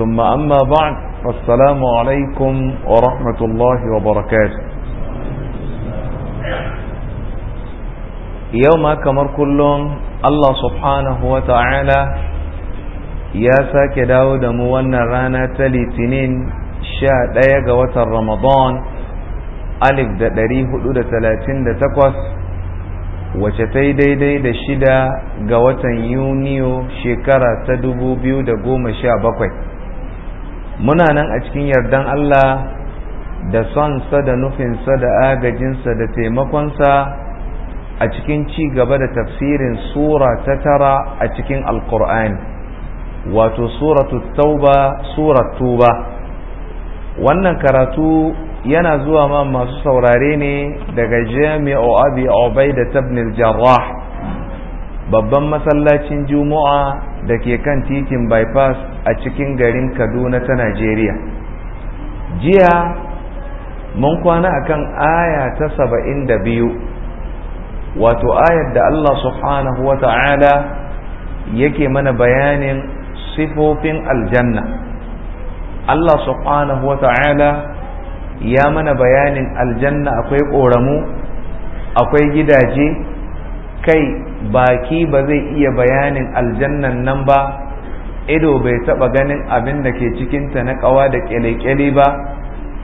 ثم أما بعد والسلام عليكم ورحمة الله وبركاته يوم كمر كلهم الله سبحانه وتعالى يا ساك داود موانا رانا تلي تنين شاء دايق وتر رمضان ألف دا داري حدود تلاتين دا تقوس وشتي دي دي دا شدا قوة يونيو شكرة تدبو بيو دا قوم شابكوي muna nan a cikin yardan Allah da sonsa da nufinsa da agajinsa da taimakonsa a cikin ci gaba da tafsirin sura ta tara a cikin alkur'ani wato suratu tauba tuba wannan karatu yana zuwa ma masu saurare ne daga jami'o abi obai da tabnil jarrah babban masallacin juma'a da ke kan titin bypass a cikin garin kaduna ta najeriya jiya mun kwana akan aya ta saba'in da biyu wato ayar da allah subhanahu wa ta'ala yake mana bayanin sifofin aljanna allah subhanahu wa ta'ala ya mana bayanin aljanna akwai ƙoramu akwai gidaje kai baki ba zai iya bayanin aljannan nan ba ido bai taba ganin abin da ke cikinta na kawa da kyale-kyale ba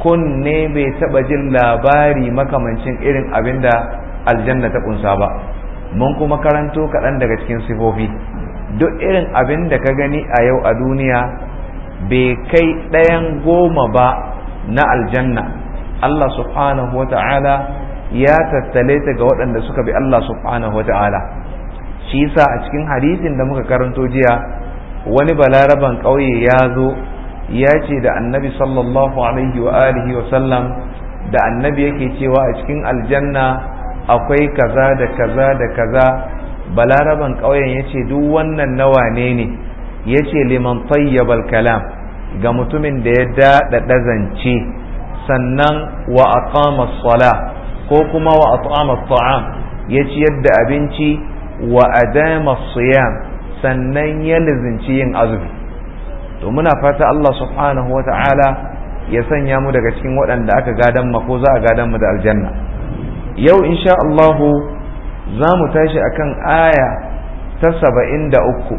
kunne bai taba jin labari makamancin irin abin da aljanna ta kunsa ba mun kuma karanto kaɗan daga cikin sifofi duk irin abin da ka gani a yau a duniya bai kai ɗayan goma ba na aljanna Allah subhanahu wa ta'ala ya tattale ta ga waɗanda suka bi Allah subhanahu wata'ala shi yasa a cikin hadisin da muka karanto jiya wani balaraban ƙauye ya zo ya ce da annabi sallallahu alaihi wa alihi wa sallam da annabi yake cewa a cikin aljanna akwai kaza da kaza da kaza balaraban ƙauyen ya ce duk wannan na wane ne ya ce liman tayyabal kalam ga mutumin da ya daɗa zance sannan wa aqama sala ko kuma wa at'ama at'am ya ciyar da abinci wa adama siyam sannan ya lizinci yin azumi to muna fata Allah subhanahu wa ta'ala ya sanya mu daga cikin waɗanda aka gadan mu ko za a gadan mu da aljanna yau insha Allah za mu tashi akan aya ta saba'in da uku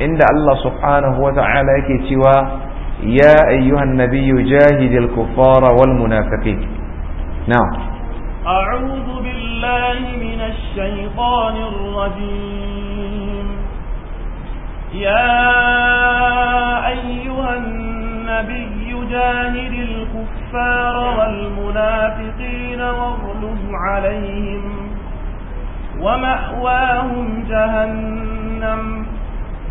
inda Allah subhanahu wa ta'ala yake cewa يا أيها jahidil جاهد wal والمنافقين نعم أعوذ بالله من الشيطان الرجيم يا أيها النبي جاهد الكفار والمنافقين واغلب عليهم ومأواهم جهنم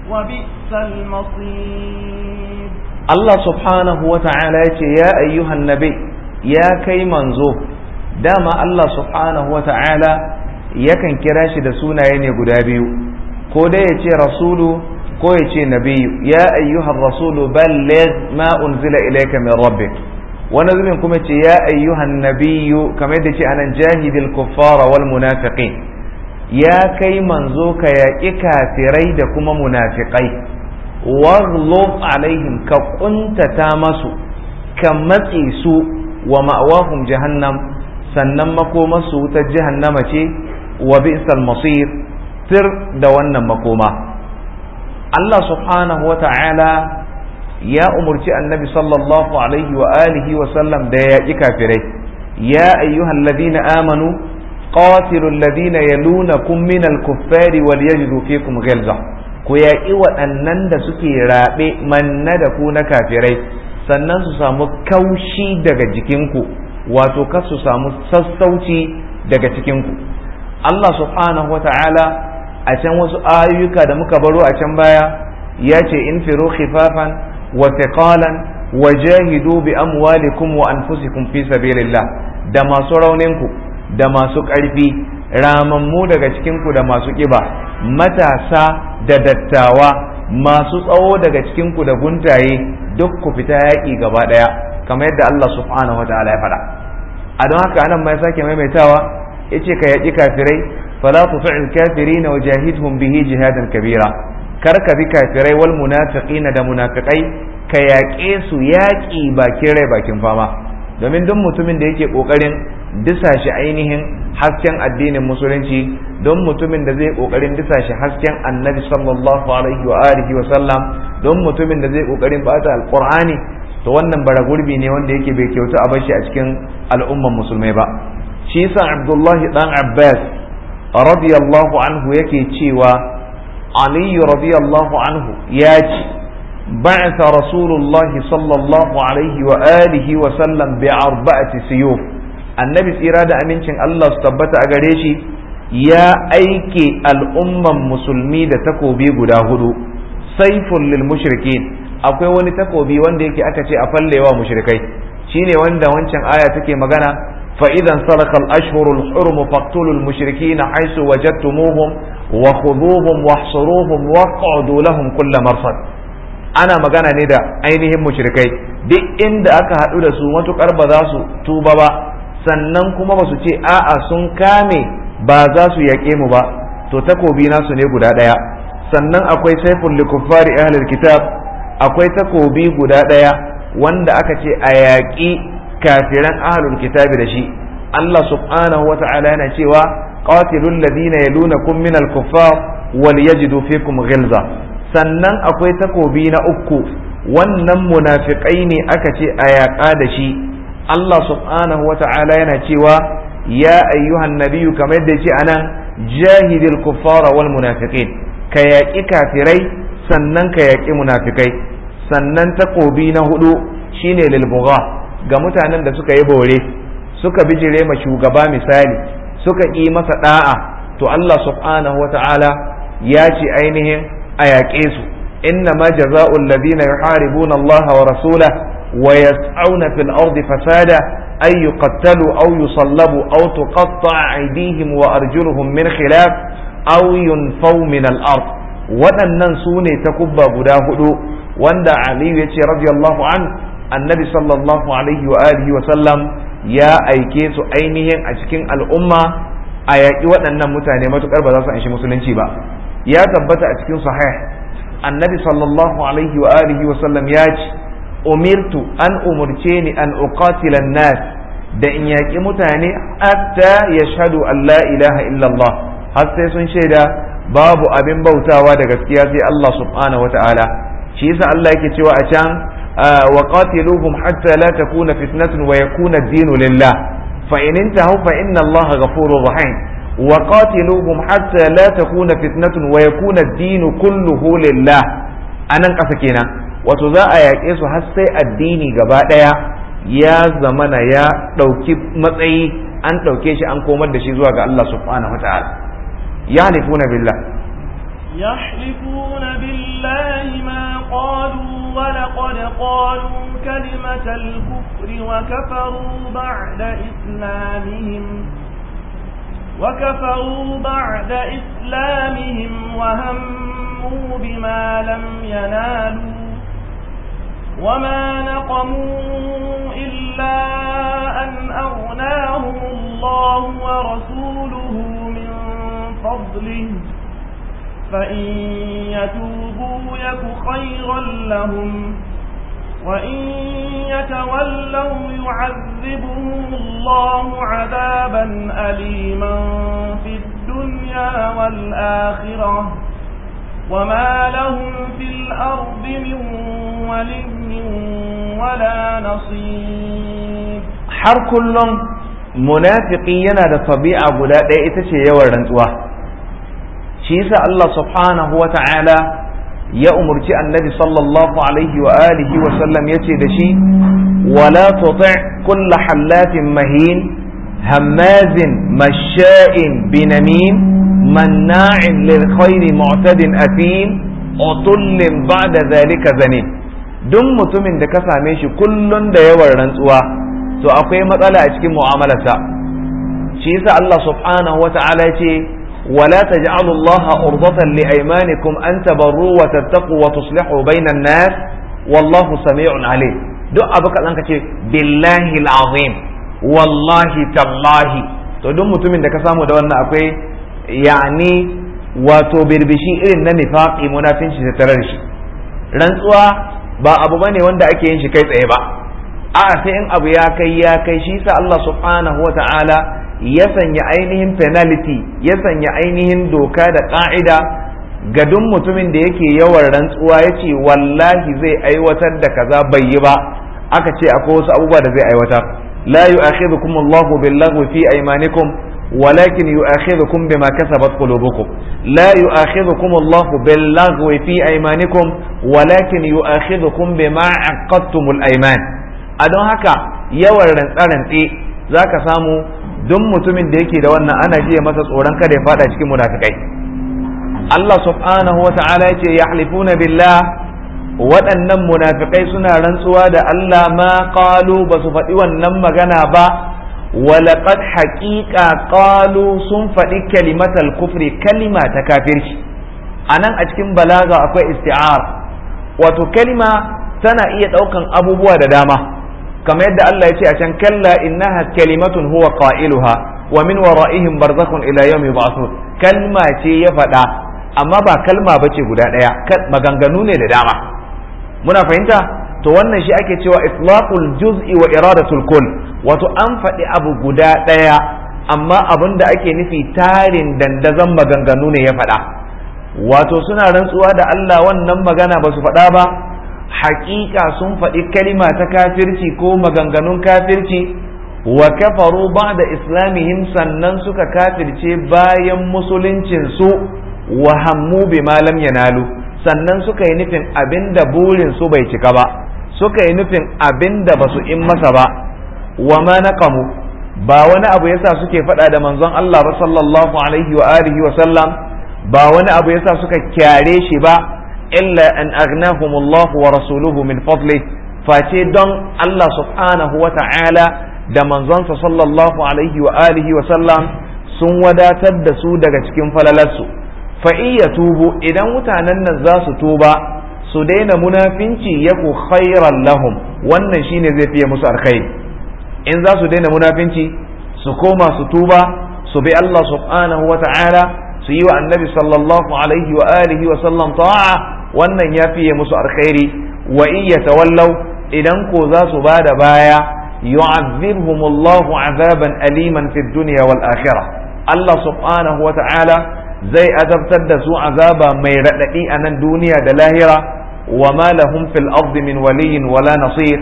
وبئس المصير الله سبحانه وتعالى يا أيها النبي يا كي منزوه dama Allah subhanahu wa ta'ala yakan kira shi da sunaye ne guda biyu ko dai ya ce rasulu ko ya ce nabiyu ya ayyuhar rasulu balligh ma unzila ilayka min rabbik wani zubin kuma ce ya ayyuhan nabiyu kamar yadda ce anan jahidil kuffara wal munafiqin ya kai manzo ka yaƙi kafirai da kuma munafiqai waghlub alaihim ka kuntata masu ka matse su wa ma'awahum jahannam sannan makoma su wutar jahannama ce wa bi'sal masir tir da wannan makoma Allah subhanahu wa ta'ala ya umurci annabi sallallahu alaihi wa alihi wa sallam da ya yaƙi kafirai ya ayyuhal ladina amanu qatilul ladina yalunakum minal kuffari wal yajidu fikum ghilza ku yaƙi waɗannan da suke raɓe manna da ku na kafirai sannan su samu kaushi daga jikinku wato kar su samu sassauci daga cikinku Allah subhanahu wata'ala a can wasu ayyuka da muka baro a can baya ya ce in firo khifafan wa taqalan wa jahidu bi amwalikum wa anfusikum fi sabilillah da masu rauninku da masu ƙarfi ramammu daga cikinku da masu ƙiba matasa da dattawa masu tsawo daga cikinku da guntaye duk ku fita yaƙi gaba ɗaya kamar yadda Allah subhanahu wa ta'ala ya faɗa a don haka anan ma ya sake maimaitawa Ya ce ka yaki kafirai fala tuti'il kafirin na jahidhum bihi jihadan kabira kar ka bi kafirai wal munafiqin da munafiqai ka yaƙe su yaƙi bakin rai bakin fama domin duk mutumin da yake kokarin disa shi ainihin hasken addinin musulunci don mutumin da zai kokarin disa shi hasken annabi sallallahu alaihi wa alihi wa sallam don mutumin da zai kokarin bata alqur'ani to wannan bara gurbi ne wanda yake bai kyautu a bashi a cikin al'umman musulmai ba shi yasa abdullahi dan abbas radiyallahu anhu yake cewa ali radiyallahu anhu ya ce ba'atha rasulullahi sallallahu alaihi wa alihi wa sallam bi arba'ati siyuf annabi tsira da amincin Allah su tabbata a gare shi ya aike al'umman musulmi da takobi guda hudu saifun lil mushrikin akwai wani takobi wanda yake aka ce a fallewa mushrikai shine wanda wancan aya take magana fa idan salaka al-ashhur al-hurum faqtulu al-mushrikeen haythu wajadtumuhum wa khudhuhum wahsuruhum waq'udu lahum kull marsad ana magana ne da ainihin mushrikai duk inda aka haɗu da su matukar ba za su tuba ba sannan kuma ba su ce a'a sun kame ba za su yaƙe mu ba to takobi nasu ne guda ɗaya sannan akwai saifun likuffari ahlul kitab akwai takobi guda ɗaya wanda aka ce a yaƙi kafiran ahlul kitabi da shi Allah subhanahu wa ta'ala yana cewa qatilul ladina yalunakum al kuffar wal yajidu fikum ghilza sannan akwai takobi na uku wannan munafiƙai ne aka ce a yaƙa da shi Allah subhanahu wa ta'ala yana cewa ya ayyuhan nabiyyu kamar yadda ce anan jahidil kuffara wal munafiqin ka yaƙi kafirai sannan ka yaƙi munafikai sannan takobi na hudu shine lilbugha ga mutanen da suka yi bore suka bijire ma shugaba misali suka ƙi masa da'a to Allah subhanahu wata'ala ya ce ainihin a yaƙe su inna ma jaza'ul ladina yuharibuna Allah wa rasula wa yas'auna fil ardi fasada ay yuqattalu aw yusallabu aw tuqatta'a aydihim wa arjuluhum min khilaf aw yunfaw min al-ard waɗannan su ne takubba guda hudu wanda aliyu ya ce radiyallahu an annabi sallallahu alaihi wa alihi wa sallam ya aike su ainihin a cikin al'umma a yaƙi waɗannan mutane matuƙar ba za su anshi musulunci ba ya tabbata a cikin sahih annabi sallallahu alaihi wa alihi wa sallam ya ce umirtu an umurce ni an uqatila nas da in yaƙi mutane hatta yashhadu an la ilaha illallah har sai sun shaida babu abin bautawa da gaskiya sai Allah subhanahu wataala shi yasa Allah yake cewa a can ah, wa qatiluhum hatta la takuna fitnatun wa yakuna ad-dinu lillah fa in intahu fa inna Allah ghafurur rahim wa qatiluhum hatta la takuna fitnatun wa yakuna ad-dinu kulluhu lillah anan kasa kenan wato za a yaƙe su har sai addini gaba daya ya zamana ya ɗauki matsayi an ɗauke shi an komar da shi zuwa ga Allah subhanahu wataala يحلفون بالله يحلفون بالله ما قالوا ولقد قالوا كلمة الكفر وكفروا بعد إسلامهم وكفروا بعد إسلامهم وهموا بما لم ينالوا وما نقموا إلا أن أغناهم الله ورسوله فضله فإن يتوبوا يك خيرا لهم وإن يتولوا يعذبهم الله عذابا أليما في الدنيا والآخرة وما لهم في الأرض من ولي ولا نصير har kullum munafiki yana da tabi'a guda ɗaya ita ce yawan rantsuwa shi yasa Allah subhanahu wa ta'ala ya umurci annabi sallallahu alaihi wa alihi wa sallam yace da shi wala tuti' kull hallatin mahin hammazin masha'in binamin manna'in lil khairi mu'tadin athim utullin ba'da zalika zanin duk mutumin da ka same shi kullun da yawan rantsuwa to akwai matsala a cikin mu'amalarsa shi yasa Allah subhanahu wa ta'ala yace ولا تجعلوا الله عرضة لأيمانكم أن تبروا وتتقوا وتصلحوا بين الناس والله سميع عليم duk abu kaɗan ka ce billahi azim wallahi tallahi to duk mutumin da ka samu da wannan akwai yani wato birbishi irin na nifaqi munafinci da tarar shi rantsuwa ba abu ne wanda ake yin shi kai tsaye ba a'a sai in abu ya kai ya kai shi sa Allah subhanahu wa ta'ala ya sanya ainihin penalty ya sanya ainihin doka da ka'ida ga duk mutumin da yake yawan rantsuwa ya ce wallahi zai aiwatar da kaza bai yi ba aka ce akwai wasu abubuwa da zai aiwatar la yu'akhidhukum Allahu billahu fi aymanikum ولكن يؤاخذكم بما كسبت قلوبكم لا يؤاخذكم الله باللغو في أيمانكم ولكن يؤاخذكم بما عقدتم الأيمان أدون هكا يورن أرنتي ذاك سامو duk mutumin da yake da wannan ana jiya masa tsoron kada ya fada cikin munafikai Allah subhanahu wa ta'ala ce yahlifuna billah waɗannan munafikai suna rantsuwa da Allah ma qalu basu su faɗi wannan magana ba walaƙad haƙiƙa qalu sun faɗi kalimatal kufri kalima ta kafirci anan a cikin balaga akwai isti'ar wato kalima tana iya ɗaukan abubuwa da dama kamar yadda Allah ya ce a can kalla innaha kalimatun huwa qailuha wa min wara'ihim barzakhun ila yawmi yub'athun kalma ce ya faɗa amma ba kalma bace guda ɗaya maganganu ne da dama muna fahimta to wannan shi ake cewa itlaqul juz'i wa iradatul kull wato an faɗi abu guda ɗaya amma abun da ake nufi tarin dandazon maganganu ne ya faɗa wato suna rantsuwa da Allah wannan magana ba su faɗa ba haƙiƙa sun faɗi kalima ta kafirci ko maganganun kafirci wa kafaru ba da islamihim sannan suka kafirce bayan musuluncinsu wa hammu bi malam yanalu sannan suka yi nufin abin da burinsu bai cika ba suka yi nufin abin da ba su in masa ba wa ma kamu ba wani abu yasa suke faɗa da manzon Allah ba sallallahu alaihi wa alihi wa sallam ba wani abu yasa suka kyare shi ba illa an aghnahum Allah wa rasuluhu min fadli face don Allah subhanahu wa da manzonsa sallallahu alaihi wa wa sallam sun wadatar da su daga cikin falalarsu fa iya tubu idan mutanen nan za su tuba su daina munafinci yaku khairan lahum wannan shine zai fiye musu alkhairi in za su daina munafinci su koma su tuba su bi Allah subhanahu wa ta'ala su yi wa annabi sallallahu alaihi wa alihi wa sallam ta'a wannan ya fiye musu alkhairi wa in yatawallaw idan ko za su bada baya yu'azzibhumullahu azaban aliman fid dunya wal akhirah Allah subhanahu wa ta'ala zai azabtar da su azaba mai radadi a nan duniya da lahira wa ma lahum fil ardi min waliyyin wala nasir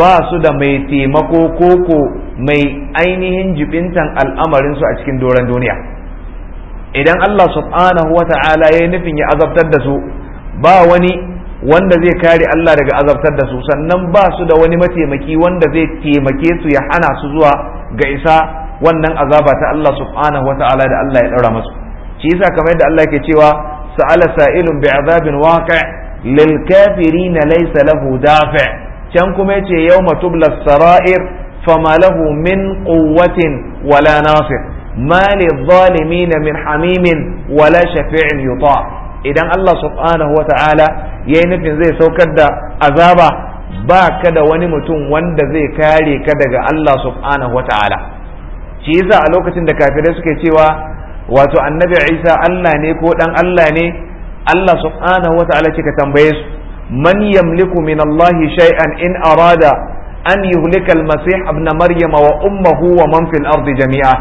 ba su da mai taimako koko mai ainihin jibintan al'amarinsu a cikin doron duniya idan Allah subhanahu wa ta'ala ya nufin ya azabtar da su ba wani wanda zai kare Allah daga azabtar da su sannan ba su da wani mataimaki wanda zai taimake su ya hana su zuwa ga isa wannan azaba ta Allah subhanahu wata'ala da Allah ya daura masu shi yasa kamar yadda Allah ke cewa sa'ala sa'ilun bi'azabin waqi' lil kafirin laysa lahu dafi' can kuma yace yawma tubla sarair fama lahu min quwwatin wala nasir ma lidh-dhalimin min hamimin wala shafi'in yuta' idan Allah subhanahu wata'ala ya yi nufin zai saukar da azaba ba ka da wani mutum wanda zai kare ka daga Allah subhanahu wata'ala shi yasa a lokacin da kafirai suke cewa wato annabi Isa Allah ne ko dan Allah ne Allah subhanahu wata'ala ka tambaye su man yamliku min Allah shay'an in arada an yuhlika al-masih ibn maryama wa ummuhu wa man fil ardi jami'a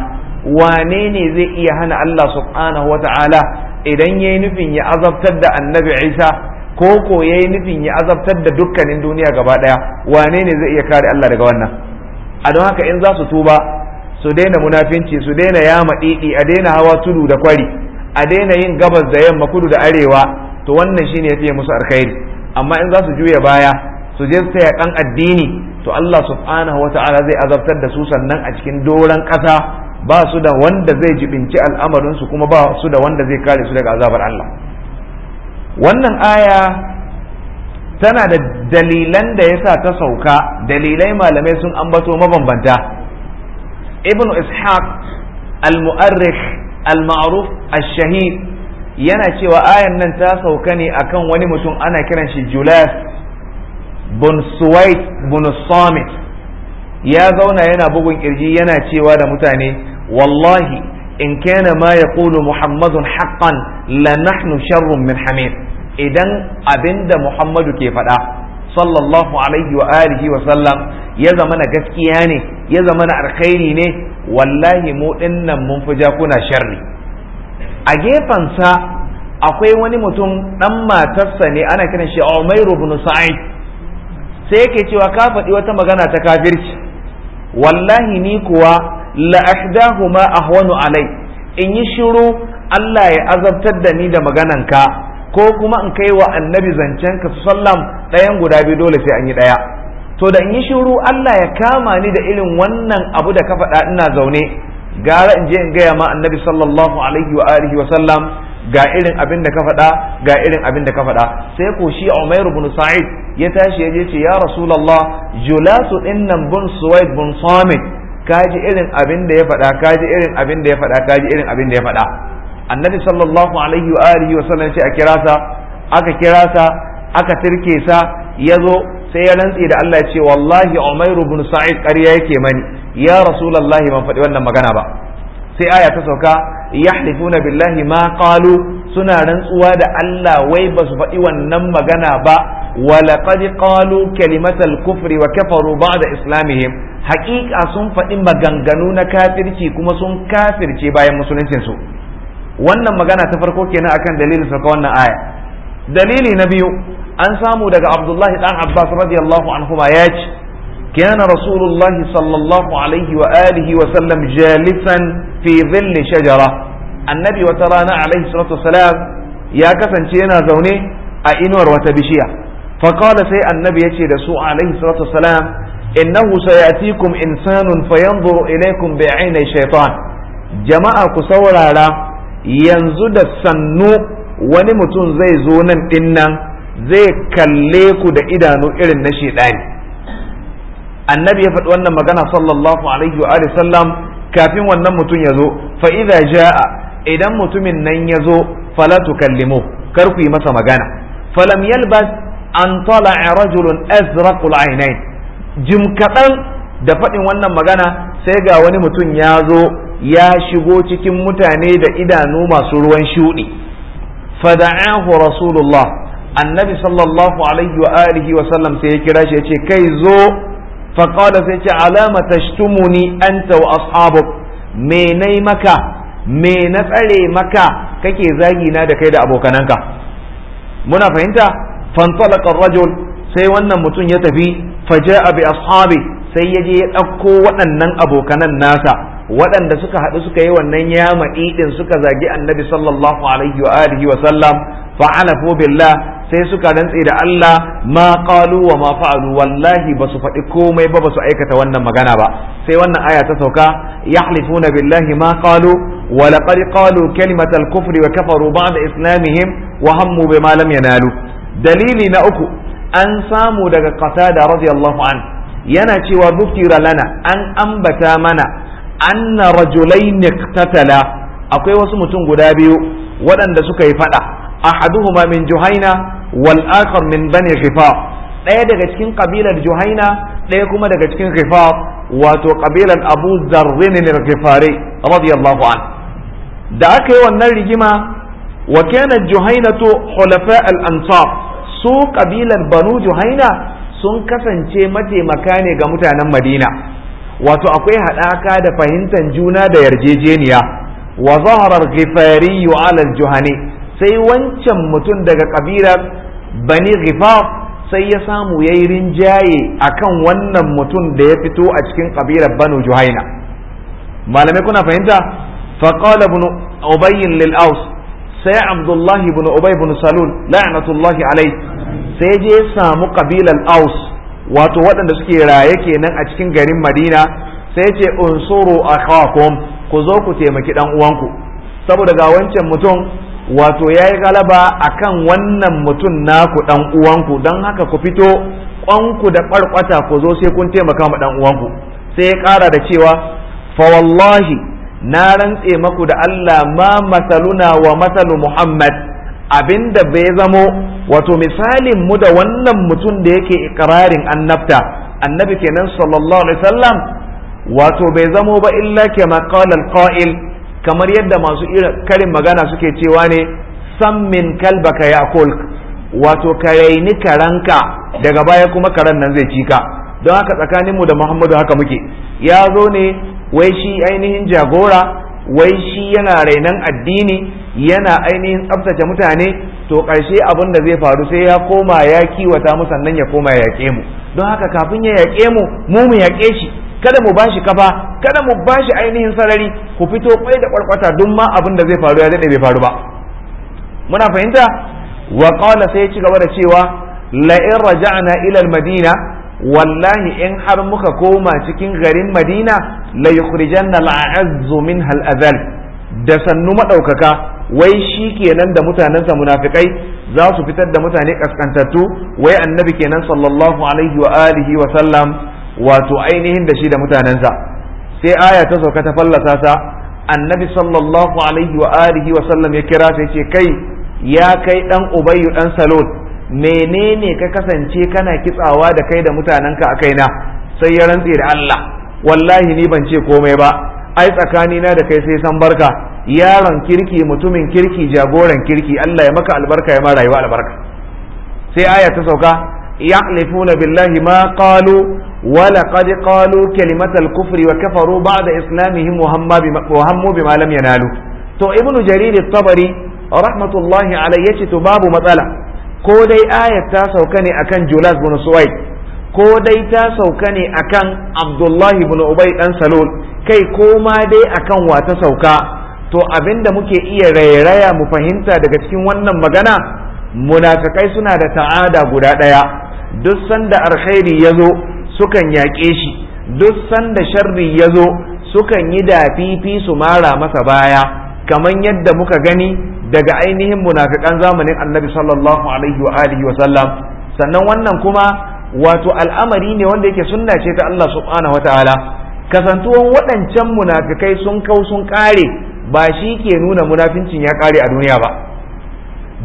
wane ne zai iya hana Allah subhanahu wata'ala idan yayi nufin ya azabtar da annabi Isa ko ko yayi nufin ya azabtar da dukkanin duniya gaba daya wane ne zai iya kare Allah daga wannan a don haka in za su tuba su daina munafinci su daina yama didi a daina hawa tudu da kwari a daina yin gabas da yamma kudu da arewa to wannan shine ya fiye musu alkhairi amma in za su juya baya su je su taya kan addini to Allah subhanahu wataala zai azabtar da su sannan a cikin doran ƙasa ba su da wanda zai jibinci al'amarinsu kuma ba su da wanda zai kare su daga azabar Allah wannan aya tana da dalilan da yasa ta sauka dalilai malamai sun ambato mabambanta ibn ishaq al-mu'arrikh al-ma'ruf al-shahid yana cewa ayan nan ta sauka ne akan wani mutum ana kiran shi julas bun suwait samit ya zauna yana bugun kirji yana cewa da mutane wallahi in kana ma yaqulu muhammadun haqqan la nahnu sharrun min hamid idan abinda muhammadu ke faɗa sallallahu alaihi wa alihi wa sallam ya zama na gaskiya ne ya zama na alkhairi ne wallahi mu dinnan mun fi jakuna sharri a gefensa akwai wani mutum dan matarsa ne ana kiran sha'awa mai ibn Sa'id sai yake cewa ka faɗi wata magana ta kafirci wallahi ni kuwa la ma ahwanu alai in yi shiru Allah ya azabtar da ni da magananka ko kuma in kai wa annabi zancen ka sallam ɗayan guda biyu dole sai an yi ɗaya to da in yi shiru Allah ya kama ni da irin wannan abu da ka faɗa ina zaune gara in je in gaya ma annabi sallallahu alaihi wa alihi wa sallam ga irin abin da ka faɗa ga irin abin da ka faɗa sai ko shi Umairu bin Sa'id ya tashi ya je ce ya Rasulullah julasu dinnan bun Suwaid bin Samit kaji irin abin da ya faɗa kaji irin abin da ya faɗa kaji irin abin da ya faɗa annabi sallallahu alaihi wa alihi wa sallam sai a kira sa aka kira sa aka tirke sa yazo sai ya rantsi da Allah ya ce wallahi umairu ibn Sa'id ƙarya yake mani ya rasulullahi ban faɗi wannan magana ba sai aya ta sauka yahlifuna billahi ma qalu suna rantsuwa da Allah wai ba su faɗi wannan magana ba walaqad qalu kalimatal kufri wa kafaru ba da islamihim haƙiƙa sun faɗi maganganu na kafirci kuma sun kafirci bayan musuluncin su wannan magana ta farko kenan akan dalilin sauka wannan aya dalili na biyu an samu daga Abdullahi dan Abbas radiyallahu anhuma ya ce كان رسول الله صلى الله عليه وآله وسلم جالسا في ظل شجرة النبي وترانا عليه الصلاة والسلام يا كسن شينا زوني أئنور وتبشية فقال سي النبي يتي رسول عليه الصلاة والسلام إنه سيأتيكم إنسان فينظر إليكم بعين الشيطان جماعة كسورة على ينزد السنو ونمتون زي زونا إنا زي كالليكو دا إدانو إلى النشيطان annabi ya faɗi wannan magana sallallahu alaihi wa alihi sallam kafin wannan mutum ya zo fa idza jaa idan mutumin nan ya zo fala tukallimu kar ku yi masa magana falam yalbas an tala'a rajulun azraqul jim kadan da faɗin wannan magana sai ga wani mutum ya zo ya shigo cikin mutane da idanu masu ruwan shuɗi fada'ahu rasulullah annabi sallallahu alaihi wa alihi wa sallam sai ya kira shi ya ce kai zo faƙala sai ce alama tashtumuni anta wa ashabuk me nai maka me na tsare maka kake zagi na da kai da abokananka muna fahimta fantalaka rajul sai wannan mutum ya tafi faja'a bi ashabi sai yaje ya ɗauko waɗannan abokanan nasa waɗanda suka haɗu suka yi wannan yama ɗin suka zagi annabi sallallahu alaihi wa alihi wa sallam fa'alafu billah sai suka rantse da Allah ma qalu wa ma fa'alu wallahi ba su faɗi komai ba basu su aikata wannan magana ba sai wannan aya ta sauka yahlifuna billahi ma qalu wa laqad qalu kalimatal kufri wa kafaru ba'da islamihim wa hammu bima lam yanalu dalili na uku an samu daga qatada radiyallahu an yana cewa dhukira lana an ambata mana anna rajulain iqtatala akwai wasu mutum guda biyu waɗanda suka yi fada ahaduhuma min juhaina wal akhar min bani ghifar ɗaya daga cikin kabilar juhaina ɗaya kuma daga cikin ghifar wato kabilar abu zarrin al-ghifari radiyallahu an da aka yi wannan rigima wa kanat juhainatu hulafa al-ansar su kabilar banu juhaina sun kasance mataimaka ne ga mutanen madina wato akwai haɗaka da fahimtar juna da yarjejeniya wa zaharar ghifari alal juhani sai wancan mutum daga ƙabilar bani ghifar sai ya samu ya yi rinjaye kan wannan mutum da ya fito a cikin ƙabilar banu juhaina malamai kuna fahimta faqala ibn ubay lil aus sai abdullahi ibn ubay ibn salul la'natullahi alai sai je samu ƙabilar aus wato waɗanda suke raye kenan a cikin garin madina sai ce unsuru akhakum ku zo ku taimaki dan uwanku saboda ga wancan mutum wato yayi galaba kan wannan mutum naku dan uwanku don haka ku fito ƙwanku da ƙwarƙwata ku zo sai kun taimaka ma dan uwanku sai ya ƙara da cewa fa wallahi na rantse maku da Allah ma masaluna wa masalu Muhammad Abin da bai zamo wato misalin mu da wannan mutum da yake ikirarin annabta annabi kenan sallallahu alaihi wasallam wato bai zamo ba illa ke qala qa'il kamar yadda masu karin magana suke cewa ne sam min kalbaka yaqul wato ka raini karanka daga baya kuma karan nan zai cika don haka tsakaninmu da muhammadu haka muke ya zo ne wai shi ainihin jagora wai shi yana rainon addini yana ainihin tsabtace mutane to ƙarshe abin da zai faru sai ya koma ya kiwata mu sannan ya koma ya yaƙe mu don haka kafin ya yaƙe mu mu mu yaƙe shi kada mu bashi kafa kada mu bashi ainihin sarari ku fito kwai da kwarkwata duk ma abin da zai faru ya daɗe bai faru ba muna fahimta wa qala sai ya ci gaba da cewa la in raja'na ila al-madina wallahi in har muka koma cikin garin madina la yukhrijanna al'azzu minha al'azal da sannu madaukaka wai shi kenan da mutanensa munafikai za su fitar da mutane kaskantattu wai annabi kenan sallallahu alaihi wa alihi wa sallam wato ainihin da shi da sa. sai aya ta sauka ta fallasa ta annabi sallallahu alaihi wa alihi wa sallam ya kira ta ce kai ya kai dan ubayyu dan salul menene ka kasance kana kitsawa da kai da mutanenka a na? sai ya rantse da Allah wallahi ni ban ce komai ba ai tsakani na da kai sai san barka yaron kirki mutumin kirki jagoran kirki Allah ya maka albarka ya ma rayuwa albarka sai aya ta sauka ya'lifuna billahi ma qalu wa laqad qalu kalimatal kufri wa kafaru ba'da islamihim wa malam bima lam yanalu to ibnu jarir at-tabari rahmatullahi alayhi to babu matsala ko dai ayat ta sauka ne akan Julas bin Suwaid ko dai ta sauka ne akan Abdullahi bin Ubay dan Salul kai ko ma dai akan wa ta sauka to abinda muke iya rairaya mu fahimta daga cikin wannan magana munafikai suna da ta'ada guda daya duk sanda alkhairi yazo sukan yaƙe shi duk sanda sharri yazo sukan yi dafifi su mara masa baya kaman yadda muka gani daga ainihin munafikan zamanin annabi sallallahu alaihi wa alihi wa sallam sannan wannan kuma wato al'amari ne wanda yake sunna ce ta Allah subhanahu wataala kasantuwan waɗancan munafikai sun kau sun kare ba shi ke nuna munafincin ya kare a duniya ba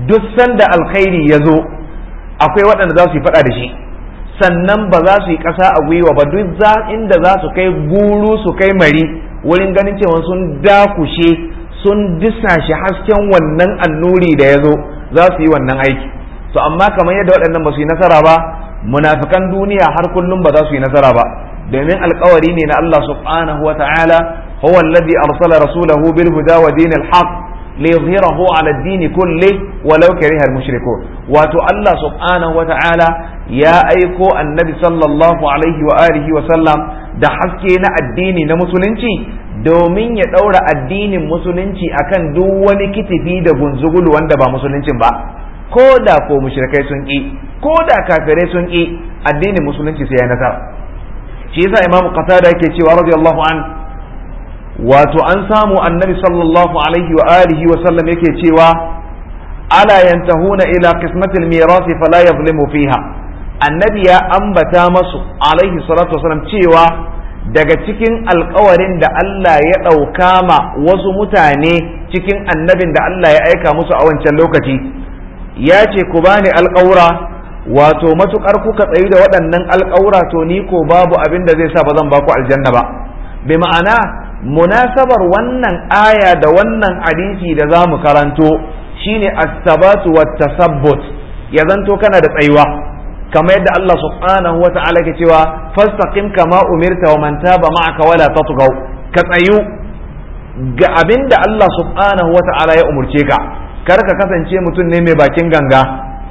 duk sanda alkhairi ya zo akwai waɗanda za su yi faɗa da shi sannan ba za su yi ƙasa a gwiwa ba duk za inda za su kai guru su kai mari wurin ganin cewa sun dakushe sun disa shi hasken wannan annuri da ya zo za su yi wannan aiki to amma kamar yadda waɗannan ba su yi nasara ba munafikan duniya har kullum ba za su yi nasara ba domin alkawari ne na Allah subhanahu wa ta'ala huwa alladhi arsala rasulahu bil huda wa dinil haqq liyuzhirahu ala ad-din kulli walau kariha al-mushrikun wato Allah subhanahu wa ta'ala ya aiko annabi sallallahu alaihi wa alihi wa sallam da haske na addini na musulunci domin ya ɗaura addinin musulunci akan duk wani kitifi da gunzugulu wanda ba musuluncin ba ko da ko mushrikai sun ƙi ko da kafirai sun ƙi addinin musulunci sai ya nasara shi yasa imam qatada yake cewa radiyallahu an wato an samu annabi sallallahu alaihi wa alihi wa sallam yake cewa ala yantahuna ila qismatil mirasi fala yazlimu fiha annabi ya ambata masu alaihi salatu wasalam cewa daga cikin alkawarin da Allah ya ɗauka ma wasu mutane cikin annabin da Allah ya aika musu a wancan lokaci ya ce ku bani alƙaura wato matuƙar kuka tsayi da waɗannan alƙaura to ni ko babu abin da zai sa ba zan baku aljanna ba bi ma'ana munasabar wannan aya da wannan hadisi da za mu karanto shine as-sabatu wat-tasabbut ya zanto kana da tsayuwa kamar yadda Allah subhanahu wa ta'ala ke cewa fastaqim kama umirta wa man taba ma'aka wala tatghaw ka tsayu ga abinda Allah subhanahu wa ta'ala ya umurce ka kar ka kasance mutum ne mai bakin ganga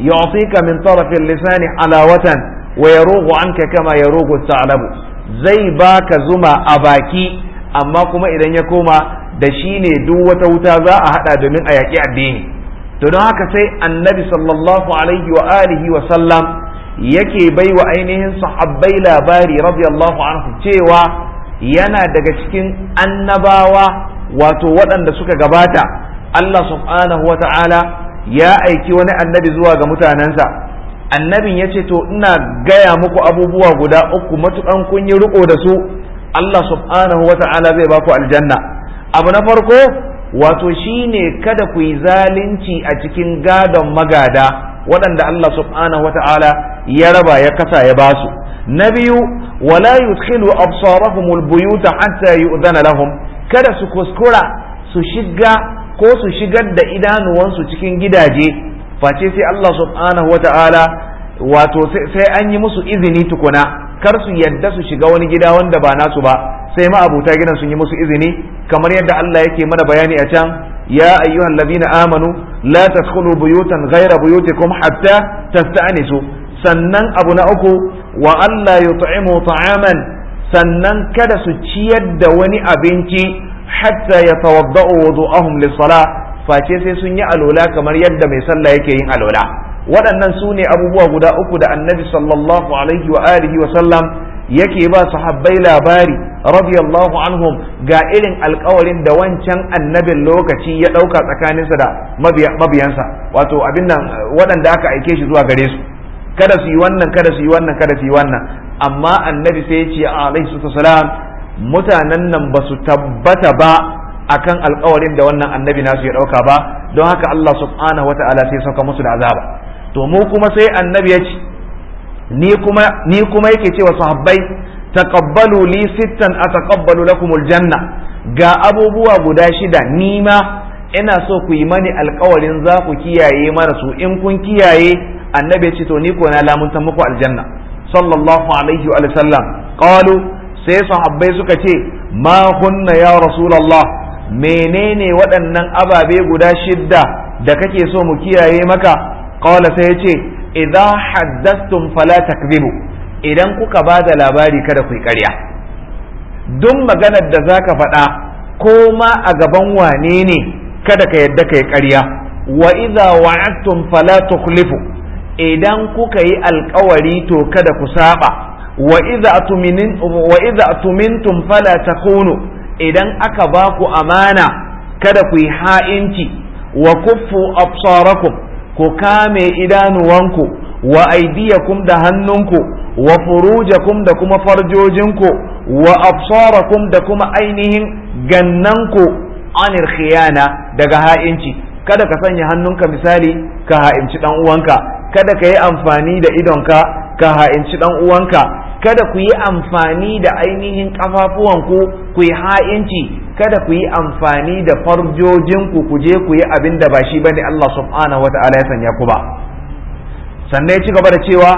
yu'tika min tarafil lisani alawatan wa yarugu anka kama yarugu sa'labu zai baka zuma a baki amma kuma idan ya koma da shi ne duk wata wuta za a hada domin a yaƙi addini to haka sai annabi sallallahu alaihi wa wa sallam yake baiwa ainihin sahabbai labari radiyallahu anhu cewa yana daga cikin annabawa wato waɗanda suka gabata Allah subhanahu wa ta'ala ya aiki wani annabi zuwa ga mutanensa annabin ya ce to ina gaya muku abubuwa guda uku matuƙan kun yi riko da su Allah subhanahu wa ta'ala zai baku aljanna abu na farko wato shine kada ku yi zalunci a cikin gadon magada waɗanda Allah subhanahu ta'ala ya raba ya kasa ya basu na biyu wala yudkhilu absarahum albuyuta hatta yu'dhana lahum kada su kuskura su shiga ko su shigar da idanuwansu cikin gidaje face sai Allah subhanahu ta'ala wato sai an yi musu izini tukuna kar su yadda su shiga wani gida wanda ba nasu ba sai ma abuta gidan sun yi musu izini kamar yadda Allah yake mana bayani a can يا أيها الذين آمنوا لا تدخلوا بيوتا غير بيوتكم حتى تستأنسوا sannan abu na uku wa Allah ya ta'imu ta'aman sannan kada su ciyar da wani abinci hatta ya tawadda'u wudu'ahum lis-sala face sai sun yi alola kamar yadda mai sallah yake yin alola waɗannan su ne abubuwa guda uku da annabi sallallahu alaihi wa alihi wa sallam yake ba sahabbai labari radiyallahu anhum ga irin alkawarin da wancan annabin lokaci ya ɗauka tsakaninsa da mabiyansa wato abin nan waɗanda aka aike shi zuwa gare su kada su yi wannan kada su yi wannan kada su yi wannan amma annabi sai ya ce alaihi salam mutanen nan ba su tabbata ba akan alkawarin da wannan annabi nasu ya ɗauka ba don haka Allah subhanahu wataala sai sauka musu da azaba to mu kuma sai annabi ya ce ni kuma ni kuma yake cewa sahabbai taqabbalu li sittan ataqabbalu lakum janna ga abubuwa guda shida ni ma ina so ku yi mani alkawarin za ku kiyaye marasu, in kun kiyaye annabi ya ce to ni ko na lamunta muku aljanna sallallahu alaihi wa sallam qalu sai sahabbai suka ce ma hunna ya rasulullah menene waɗannan ababe guda shidda da kake so mu kiyaye maka qala sai ya ce idza haddathtum fala takzibu idan kuka ba da labari kada ku yi ƙarya duk maganar da zaka faɗa ko ma a gaban wane ne kada ka yadda ka yi ƙarya wa idza wa'adtum fala tukhlifu idan kuka yi alkawari to kada ku saba wa idza atumintum fala takunu idan aka ba ku amana kada ku yi ha'inci wa kuffu absarakum ku kame idanuwanku wa aidiyakum da hannunku wa furujakum da kuma farjojinku wa absarakum da kuma ainihin gannanku anir khiyana daga ha'inci kada ka sanya hannunka misali ka ha'inci dan uwanka kada ka yi amfani da idonka ka ha'inci dan uwanka kada ku yi amfani da ainihin kafafuwanku ku yi ha'inci kada ku yi amfani da farjojinku ku je ku yi abin da ba shi bane Allah subhanahu wa ta'ala ya sanya ku ba sannan ya ci gaba da cewa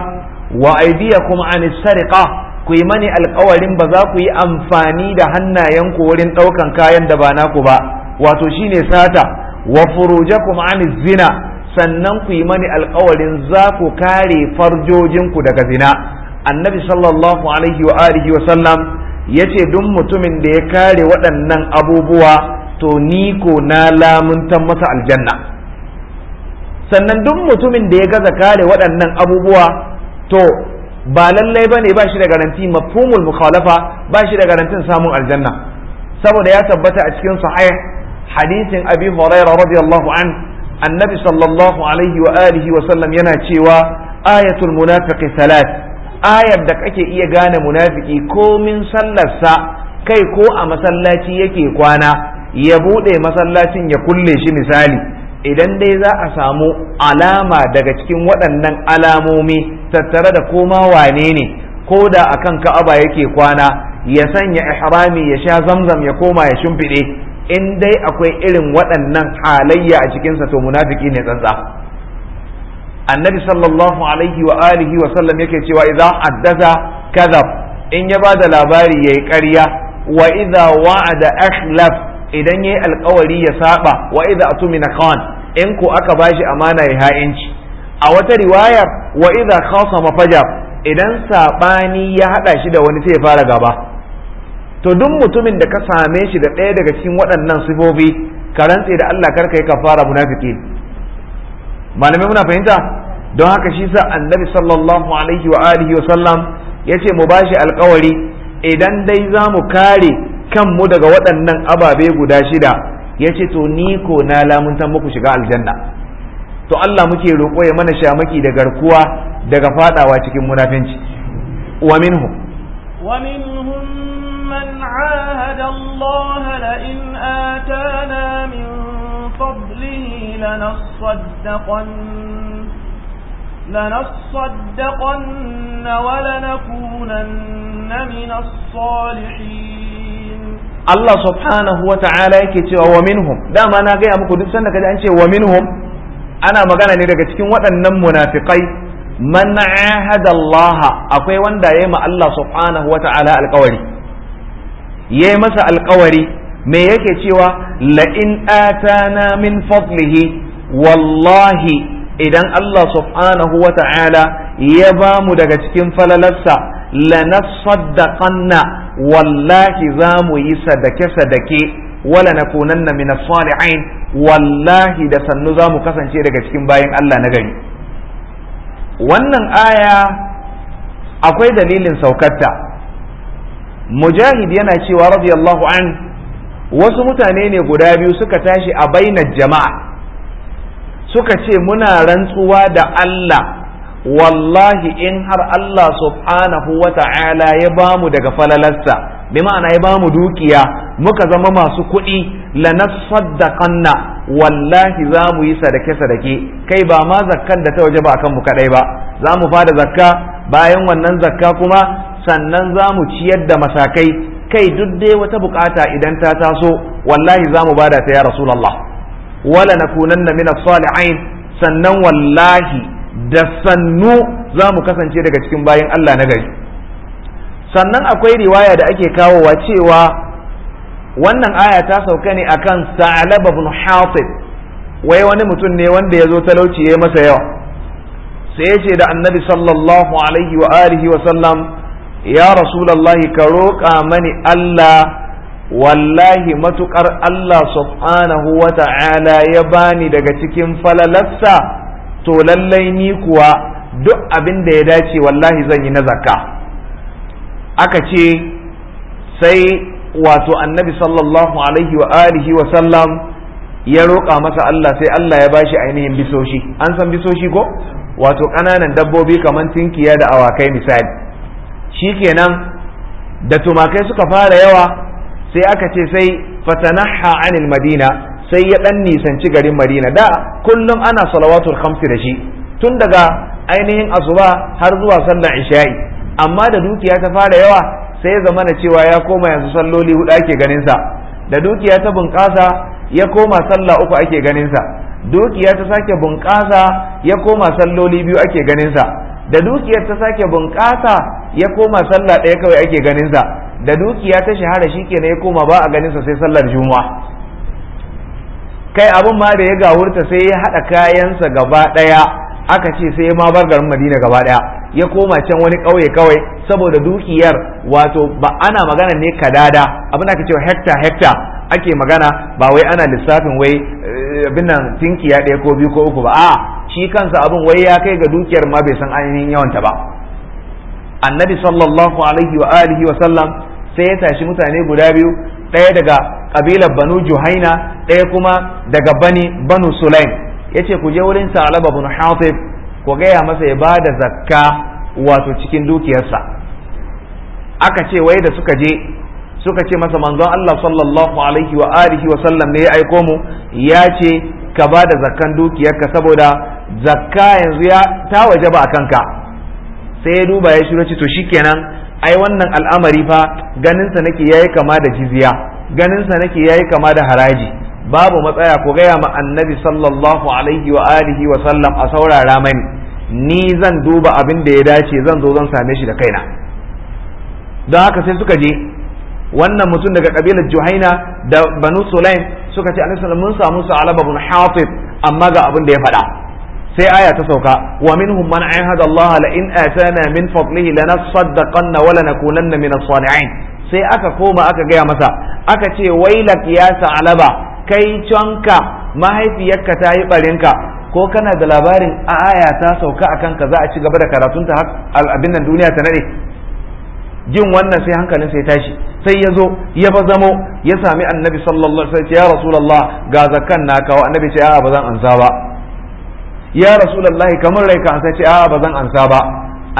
wa kuma anis sariqa ku yi mani alkawarin ba za ku yi amfani da hannayenku wurin ɗaukan kayan da ba naku ba wato shine sata wa furujakum anis zina sannan ku yi mani alkawarin za ku kare farjojinku daga zina annabi sallallahu alaihi wa alihi wa sallam Ya ce duk mutumin da ya kare waɗannan abubuwa to ni ko na lamuntan masa aljanna sannan duk mutumin da ya gaza kare waɗannan abubuwa to ba lallai ba ne ba shi da garanti mafhumul mukhalafa ba shi da garantin samun aljanna saboda ya tabbata a cikin sahih hadisin abi hurairah radiyallahu an annabi sallallahu alaihi wa alihi wa sallam yana cewa ayatul munafiqi salat ayar da kake iya gane munafiki komin sallarsa kai ko a masallaci yake kwana ya buɗe masallacin ya kulle shi misali idan dai za a samu alama daga cikin waɗannan alamomi tattare da koma wane ne ko da akan ka'aba yake kwana ya sanya ihrami ya sha zamzam ya koma ya shimfiɗe in dai akwai irin waɗannan halayya a cikinsa to munafiki ne tsantsa annabi sallallahu alaihi wa alihi wa sallam yake cewa idza haddasa kadhab in ya bada labari yayi ƙarya wa idza wa'ada akhlaf idan yayi alƙawari ya saba wa idza atumina khan in ko aka bashi amana ya ha'inci a wata riwayar wa idza khasama idan sabani ya hada shi da wani sai ya fara gaba to duk mutumin da ka same shi da ɗaya daga cikin waɗannan sifofi ka rantse da Allah karka yi kafara munafiki malamai muna fahimta don haka shi sa annabi sallallahu alaihi wa alihi wa sallam yace mu bashi alkawari idan dai za mu kare kanmu daga waɗannan ababe guda shida yace to ni ko na lamuntan muku shiga aljanna to Allah muke roƙo ya mana shamaki da garkuwa daga fadawa cikin munafinci wa minhu wa minhum man ahada Allah la in atana min fadlihi lanasaddaqan لنصدقن ولنكونن من الصالحين الله سبحانه وتعالى yake cewa wa minhum dama na gaya muku duk sanda kaji an ce wa minhum ana magana ne daga cikin waɗannan munafikai man ahada akwai wanda yayi ma Allah subhanahu wata'ala alƙawari yayi masa alƙawari me yake cewa la in atana min fadlihi wallahi idan Allah subhanahu wa ta'ala ya ba mu daga cikin falalarsa lanasaddaqanna wallahi za mu yi sadake-sadake wala na kunanna min salihin wallahi da sannu za mu kasance daga cikin bayan Allah na gani. wannan aya akwai dalilin saukarta mujahid yana cewa radiyallahu an wasu mutane ne guda biyu suka tashi a bainar jama'a suka ce muna rantsuwa da Allah wallahi in har Allah subhanahu wa ta'ala ya bamu daga falalarsa bi ma'ana ya bamu dukiya muka zama masu kuɗi lanasaddaqanna wallahi za mu yi sadake sadake kai ba ma zakkan da ta waje ba akan mu kadai ba za mu fada zakka bayan wannan zakka kuma sannan za mu ciyar da masakai kai duk dai wata bukata idan ta taso wallahi za mu bada ta ya rasulullah wala na na min as salihain sannan wallahi da sannu za mu kasance daga cikin bayan Allah na gari sannan akwai riwaya da ake kawowa cewa wannan aya ta sauka ne akan Sa'lab ibn Hatib wai wani mutum ne wanda ya zo talauci ya masa yawa sai ce da annabi sallallahu alaihi wa alihi wa sallam ya rasulallahi ka roƙa mani Allah wallahi matuƙar Allah subhanahu wa ta'ala ya bani daga cikin falalarsa to lallai ni kuwa duk abin da ya dace wallahi zan yi na zakka aka ce sai wato annabi sallallahu alaihi wa alihi wa sallam ya roƙa masa Allah sai Allah ya bashi ainihin bisoshi an san bisoshi ko wato ƙananan dabbobi kamar tinkiya da awakai misali shikenan da tumakai suka fara yawa sai aka ce sai fatanaha anil madina sai ya dan nisanci garin madina da kullum ana salawatul khamsi da shi tun daga ainihin asuba har zuwa sallar isha'i amma da dukiya ta fara yawa sai ya zamana cewa ya koma yanzu salloli hudu ake ganin sa da dukiya ta bunƙasa ya koma sallah uku ake ganin sa dukiya ta sake bunƙasa ya koma salloli biyu ake ganin sa da dukiyar ta sake bunƙasa ya koma sallah ɗaya kawai ake ganinsa da dukiya ta shahara shi na ya koma ba a sa sai sallar juma'a kai abin ma da ya gawurta sai ya haɗa kayansa gaba ɗaya aka ce sai ya ma bar garin madina gaba ɗaya ya koma can wani ƙauye kawai saboda dukiyar wato ba ana magana ne kadada abin ake aka cewa hekta hekta ake magana ba wai ana lissafin wai eh, abin nan tinkiya ɗaya ko biyu ko uku ba a'a shi kansa abin wai ya kai ga dukiyar ma bai san ainihin yawanta ba annabi sallallahu alaihi wa alihi wa sallam sai ya tashi mutane guda biyu ɗaya daga kabilar banu juhaina ɗaya kuma daga bani banu sulaim ya ce ku je wurin salaba bin hatib ku gaya masa ya ba da zakka wato cikin dukiyarsa aka ce wai da suka je suka ce masa manzon Allah sallallahu alaihi wa alihi wa sallam ne ya aiko mu ya ce ka ba da zakkan dukiyarka saboda zakka yanzu ya ta waje ba a kanka sai ya duba ya shiro to shi kenan ai wannan al'amari fa ganinsa nake yayi kama da jizya ganinsa nake yayi kama da haraji babu matsaya ko gaya ma annabi sallallahu alaihi wa alihi wa sallam a saurara mani ni zan duba abin da ya dace zan zo zan same shi da kaina don haka sai suka je wannan mutum daga kabilar juhaina da banu sulaim suka ce annabi mun samu sa'alaba bin hatib amma ga abin da ya faɗa sai aya ta sauka wa minhum man ahada Allah la in atana min fadlihi lanasaddaqanna wa lanakunanna min as-salihin sai aka koma aka gaya masa aka ce wailak ya sa'alaba kai canka mahaifiyarka ta yi barinka ko kana da labarin aya ta sauka akan ka za a ci gaba da karatunta har abin nan duniya ta nade jin wannan sai hankalin sai tashi sai ya zo ya fa zamo ya sami annabi sallallahu alaihi wasallam ya rasulullah ga zakan na kawo annabi ce a'a ba zan ansa ba ya rasulullahi kamar rai ka ansa ce a'a ba zan ansa ba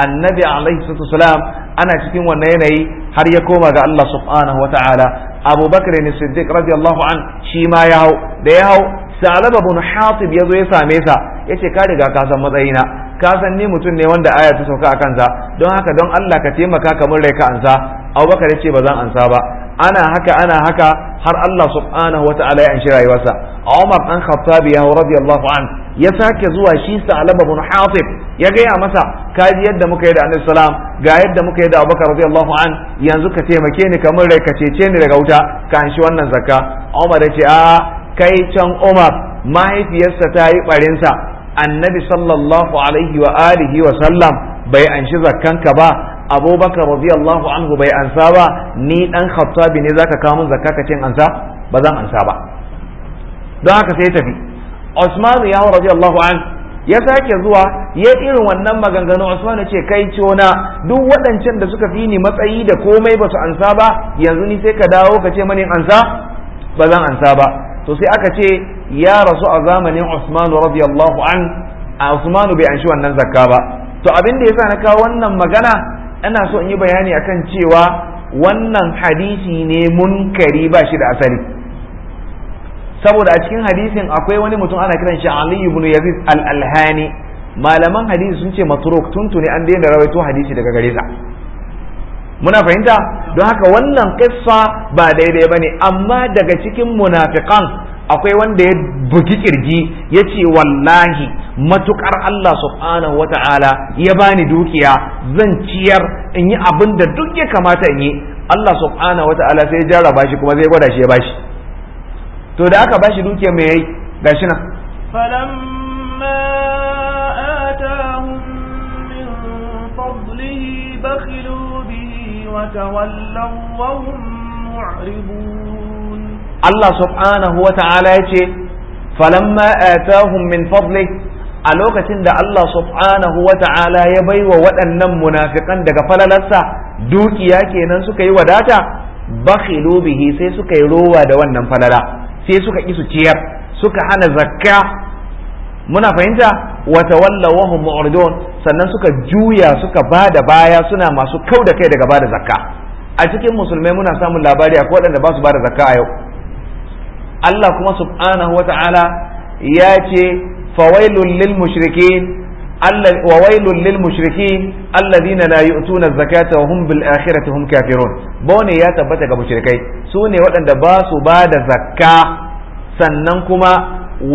annabi alaihi wasallam ana cikin wannan yanayi har ya koma ga Allah subhanahu wataala Abu Bakar ne Siddiq radiyallahu an shi ma ya hau da ya hau Salaba ibn Hatib ya zo ya same sa yace ka riga ka san matsayina ka san ni mutum ne wanda aya ta sauka a sa don haka don Allah ka taimaka kamar rai ka ansa abubakar ya ce ba zan ansa ba ana haka ana haka har Allah subhanahu wa ta'ala ya anshi rayuwarsa Umar an Khattab ya radiyallahu an ya sake zuwa shi Sa'lab ibn Hatib ya gaya masa ka ji yadda muka yi da Annabi sallam ga yadda muka yi da Abubakar radiyallahu an yanzu ka taimake ni kamar rai ka cece ni daga wuta ka anshi wannan zakka Umar ya ce a kai can Umar mahaifiyarsa ta yi barinsa Annabi sallallahu alaihi wa alihi wa sallam bai anshi ka ba abubakar radiyallahu anhu bai ansa ba ni dan khattabi ne zaka kawo mun zakka ka ce ansa ba zan ansa ba don haka sai ya tafi Usman ya radiyallahu anhu ya sake zuwa ya irin wannan maganganu Usman ce kai na duk waɗancan da suka fi ni matsayi da komai ba su ansa ba yanzu ni sai ka dawo ka ce mani ansa ba zan ansa ba to sai aka ce ya rasu a zamanin Usman radiyallahu anhu Usman bai anshi wannan zakka ba to abin da sa na kawo wannan magana Ana so in yi bayani akan cewa wannan hadisi ne munkari ba shi da asali saboda a cikin hadisin akwai wani mutum ana kiran shi Ali ibn Yazid al-Alhani malaman hadisi sun ce matruk tuntuni an daina rawaito hadisi daga gare sa muna fahimta don haka wannan kissa ba daidai bane amma daga cikin munafiqan akwai wanda ya bugi kirji yace wallahi matukar Allah subhanahu wa ta'ala ya bani dukiya zan ciyar in yi abin da duk ya kamata in yi Allah subhanahu wa ta'ala sai jarraba shi kuma zai gwada shi ya bashi to da aka bashi dukiya mai yayi gashi nan Allah subhanahu wa ta'ala yace falamma atahum min a lokacin da Allah subhanahu wa ta'ala ya baiwa waɗannan munafikan daga falalarsa dukiya kenan suka yi wadata bakhilu bihi sai suka yi rowa da wannan falala sai suka ki su ciyar suka hana zakka muna fahimta wa tawallawahum mu'ridun sannan suka juya suka bada baya suna masu kau da kai daga bada zakka a cikin musulmai muna samun labari akwai waɗanda ba su bada zakka a yau Allah kuma subhanahu wa ta'ala ya ce fawailul lil mushrikin وويل للمشركين الذين لا يؤتون الزكاة وهم بالآخرة هم كافرون بوني يا تبتك مشركي سوني وطن دباس بعد زكاة سننكما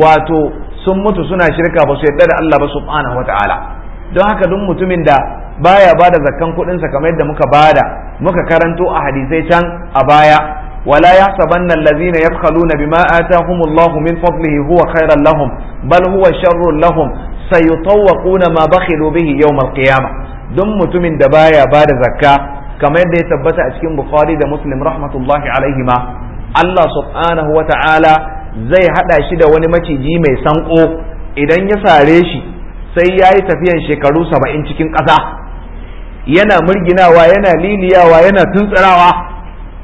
واتو سمت سنة شركة بسيطة الله سبحانه وتعالى don haka duk mutumin da baya bada zakkan kuɗinsa kamar yadda muka bada muka karanto a hadisai can a baya ولا يحسبن الذين يبخلون بما آتاهم الله من فضله هو خيرا لهم بل هو شر لهم سيطوقون ما بخلوا به يوم القيامة دم متمن دبايا بعد زكاة كما يدي تبت أشكين بخاري دا مسلم رحمة الله عليهما الله سبحانه وتعالى زي حدا شدا ونمتي جيمي سنقو إذن يساريشي سيأي تفيا شكرو سبعين شكين قصا yana murginawa yana liliyawa yana tuntsirawa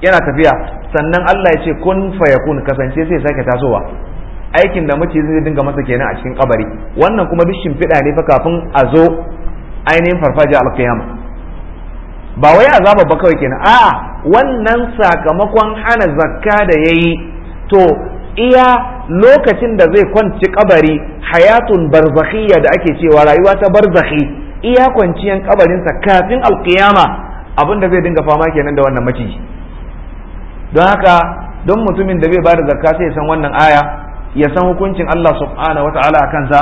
yana tafiya sannan Allah ya ce kun fayakun kasance sai sake tasowa aikin da muke zai dinga masa kenan a cikin kabari wannan kuma duk shimfiɗa ne fa kafin a zo ainihin farfaja alkiyama ba wai azaba ba kawai kenan a'a wannan sakamakon hana zakka da yayi to iya lokacin da zai kwanci kabari hayatun barzakhiyya da ake cewa rayuwa ta barzakhi iya kwanciyan kabarinsa kafin alkiyama abin da zai dinga fama kenan da wannan maciji don haka don mutumin da bai bada zakka sai ya san wannan aya ya san hukuncin Allah subhanahu wataala a kansa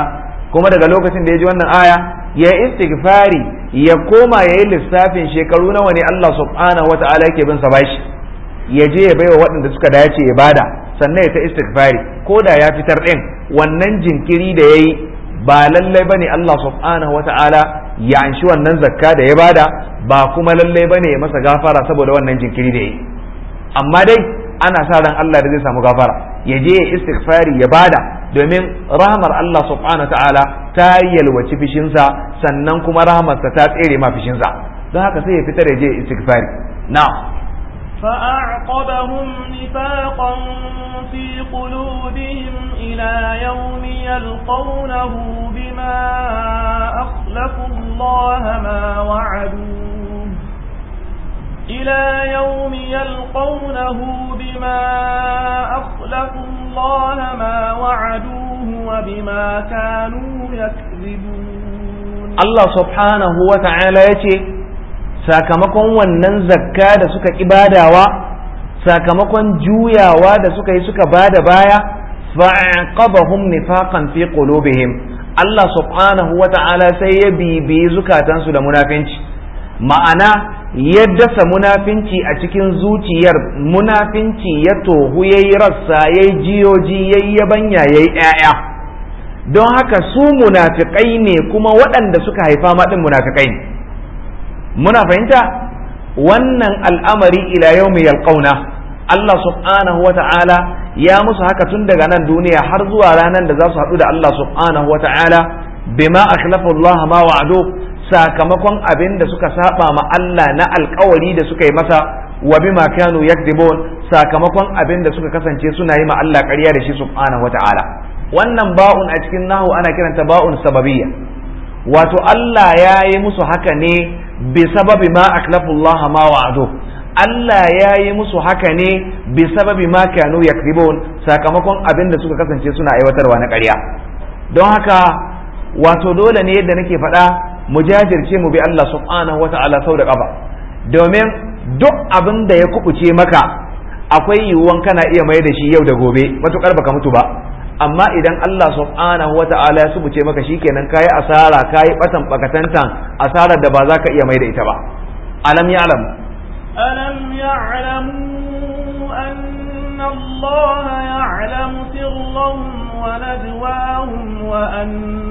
kuma daga lokacin da ya ji wannan aya ya yi istighfari ya koma ya yi lissafin shekaru nawa ne Allah subhanahu wataala yake bin sa bashi ya je ya baiwa waɗanda suka dace ya bada sannan ya ta istighfari ko da ya fitar ɗin wannan jinkiri da ya yi ba lallai bane Allah subhanahu wataala ya anshi wannan zakka da ya bada ba kuma lallai bane ya masa gafara saboda wannan jinkiri da ya yi amma dai ana sa ran Allah da zai samu gafara ya je ya istighfari ya bada domin rahmar Allah subhanahu ta'ala ta yalwaci fishinsa sannan kuma rahmarsa ta tsere ma fishinsa don haka sai ya fitar ya je ya istighfari na'am فأعقبهم نفاقا في قلوبهم إلى يوم يلقونه بما أخلفوا الله ما وعدوه إلى يوم يلقونه بما أخلقوا الله ما وعدوه وبما كانوا يكذبون الله سبحانه وتعالى يتي sakamakon wannan zakka da suka ibadawa sakamakon juyawa da suka yi suka bada baya fa'aqabahum nifaqan fi qulubihim Allah subhanahu wa ta'ala sai ya bibiyi zukatansu da munafinci ma'ana ya dasa munafinci a cikin zuciyar munafinci ya tohu ya yi rassa ya yi jiyoji ya yi yabanya ya yi ‘ya'ya don haka su munafikai ne kuma waɗanda suka haifa maɗin munafikai ne muna fahimta wannan al'amari ila yau mai yalƙauna Allah subhanahu wa ta'ala ya musu haka tun daga nan duniya har zuwa ranar da za su haɗu da Allah subhanahu wa ta'ala bima akhlafa Allah ma ado. sakamakon abin da suka saba ma Allah na alkawari da suka yi masa wa bima kanu yakdibun sakamakon abin da suka kasance suna yi ma Allah ƙarya da shi subhanahu wata'ala wannan ba'un a cikin nahu ana kiranta ba'un sababiyya wato Allah ya yi musu haka ne bi sababi ma aklafullaha ma wa'adu Allah ya yi musu haka ne bi sababi ma kanu yakdibun sakamakon abin da suka kasance suna aiwatarwa na ƙarya don haka wato dole ne yadda nake faɗa mu jajirce mu bi Allah subhanahu wata'ala sau da kafa domin duk abin da ya kubuce maka akwai yiwuwan kana iya mai da shi yau da gobe matukar baka mutu ba amma idan Allah subhanahu wata'ala ya subuce maka shikenan kayi asara kayi batan bakatantan asarar da ba za ka iya mai da ita ba alam ya'lam alam ya'lamu anna Allah ya'lamu sirrahum wa najwahum wa anna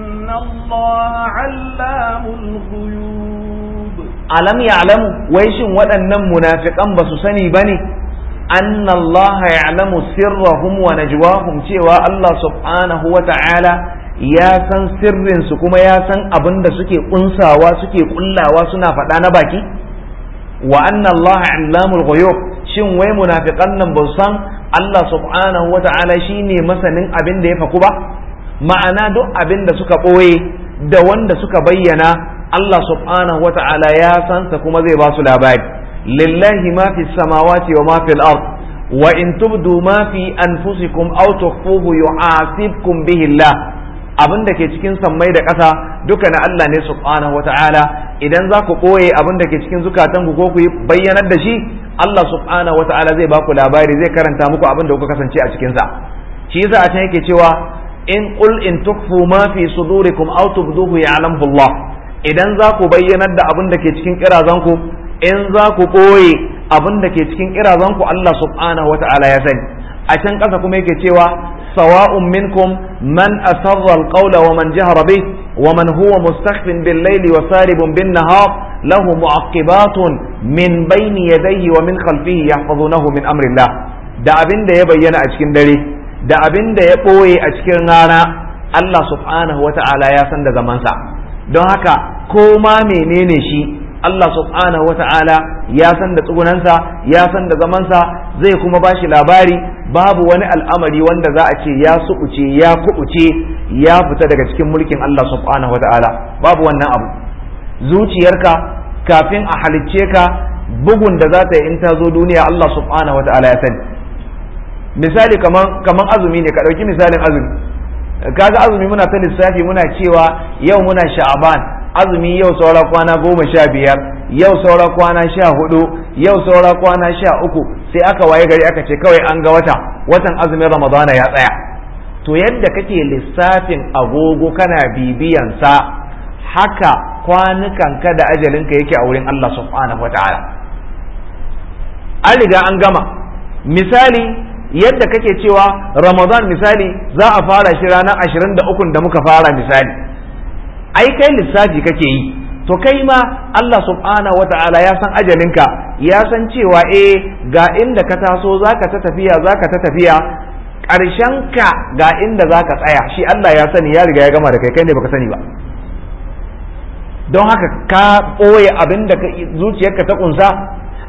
Alam ya إن wai shin waɗannan munafikan يعلم sani ودن منافقا بسسني بني ya alamu يعلم na ونجواهم cewa Allah subhanahu wa ta'ala ya san sirrinsu kuma ya san abin da suke ƙunsawa suke ƙullawa suna faɗa na baki wa anna Allah alamu ghuyub shin wai munafiƙan nan ba su san Allah subhanahu wa ta'ala shine masanin abin da ya faku ba ma'ana duk abin da suka ɓoye da wanda suka bayyana Allah subhanahu wa ta'ala ya sansa kuma zai ba su labari lillahi ma fi samawati wa ma fi al-ard wa in tubdu ma fi anfusikum aw tukhfuhu yu'asibkum bihi Allah abin da ke cikin sammai da ƙasa duka na Allah ne subhanahu wa ta'ala idan za ku ɓoye abin da ke cikin zukatan ku ko ku bayyanar da shi Allah subhanahu wa ta'ala zai ba ku labari zai karanta muku abin da kuka kasance a cikinsa shi yasa a can yake cewa in qul in tukfu ma fi sudurikum aw tubduhu ya'lamu Allah idan za ku bayyanar da abin da ke cikin kirazanku in za ku boye abin da ke cikin kirazanku Allah subhanahu wata'ala ya sani a can ƙasa kuma yake cewa sawa'un minkum man asarra alqawla wa man jahara bih wa man huwa mustakhfin bil layli wa saribun bin nahar lahu mu'aqibatun min bayni yadayhi wa min khalfihi yahfazunahu min amri Allah da abin da ya bayyana a cikin dare da abin da ya ɓoye a cikin rana Allah subhanahu wa ta'ala ya san da zamansa don haka ko ma menene shi Allah subhanahu wa ta'ala ya san da tsugunansa ya san da zamansa zai kuma ba shi labari babu wani al'amari wanda za a ce ya su'uce ya kuɓuce ya fita daga cikin mulkin Allah subhanahu wa ta'ala babu wannan abu zuciyarka kafin a halicce ka bugun da za ta yi in ta zo duniya Allah subhanahu wa ta'ala ya sani misali kaman kaman azumi ne ka ɗauki misalin azumi kaga azumi muna ta lissafi muna cewa yau muna sha'aban azumi yau saura kwana goma sha biyar yau saura kwana sha hudu yau saura kwana sha uku sai aka waye gari aka ce kawai an ga wata watan azumin ramadana ya tsaya to yadda kake lissafin agogo kana bibiyan sa haka kwanukanka da ajalinka yake a wurin Allah subhanahu wataala an riga an gama misali yadda kake cewa ramadan misali za a fara shi ranar ashirin da ukun da muka fara misali ai kai lissafi kake yi to kai ma Allah subhanahu wa ta'ala ya san ajalinka ya san cewa eh ga inda ka taso za ka ta tafiya za ka ta tafiya ƙarshen ka ga inda za ka tsaya shi Allah ya sani ya riga ya gama da kai kai ne baka sani ba don haka ka ɓoye abin da zuciyarka ta ƙunsa?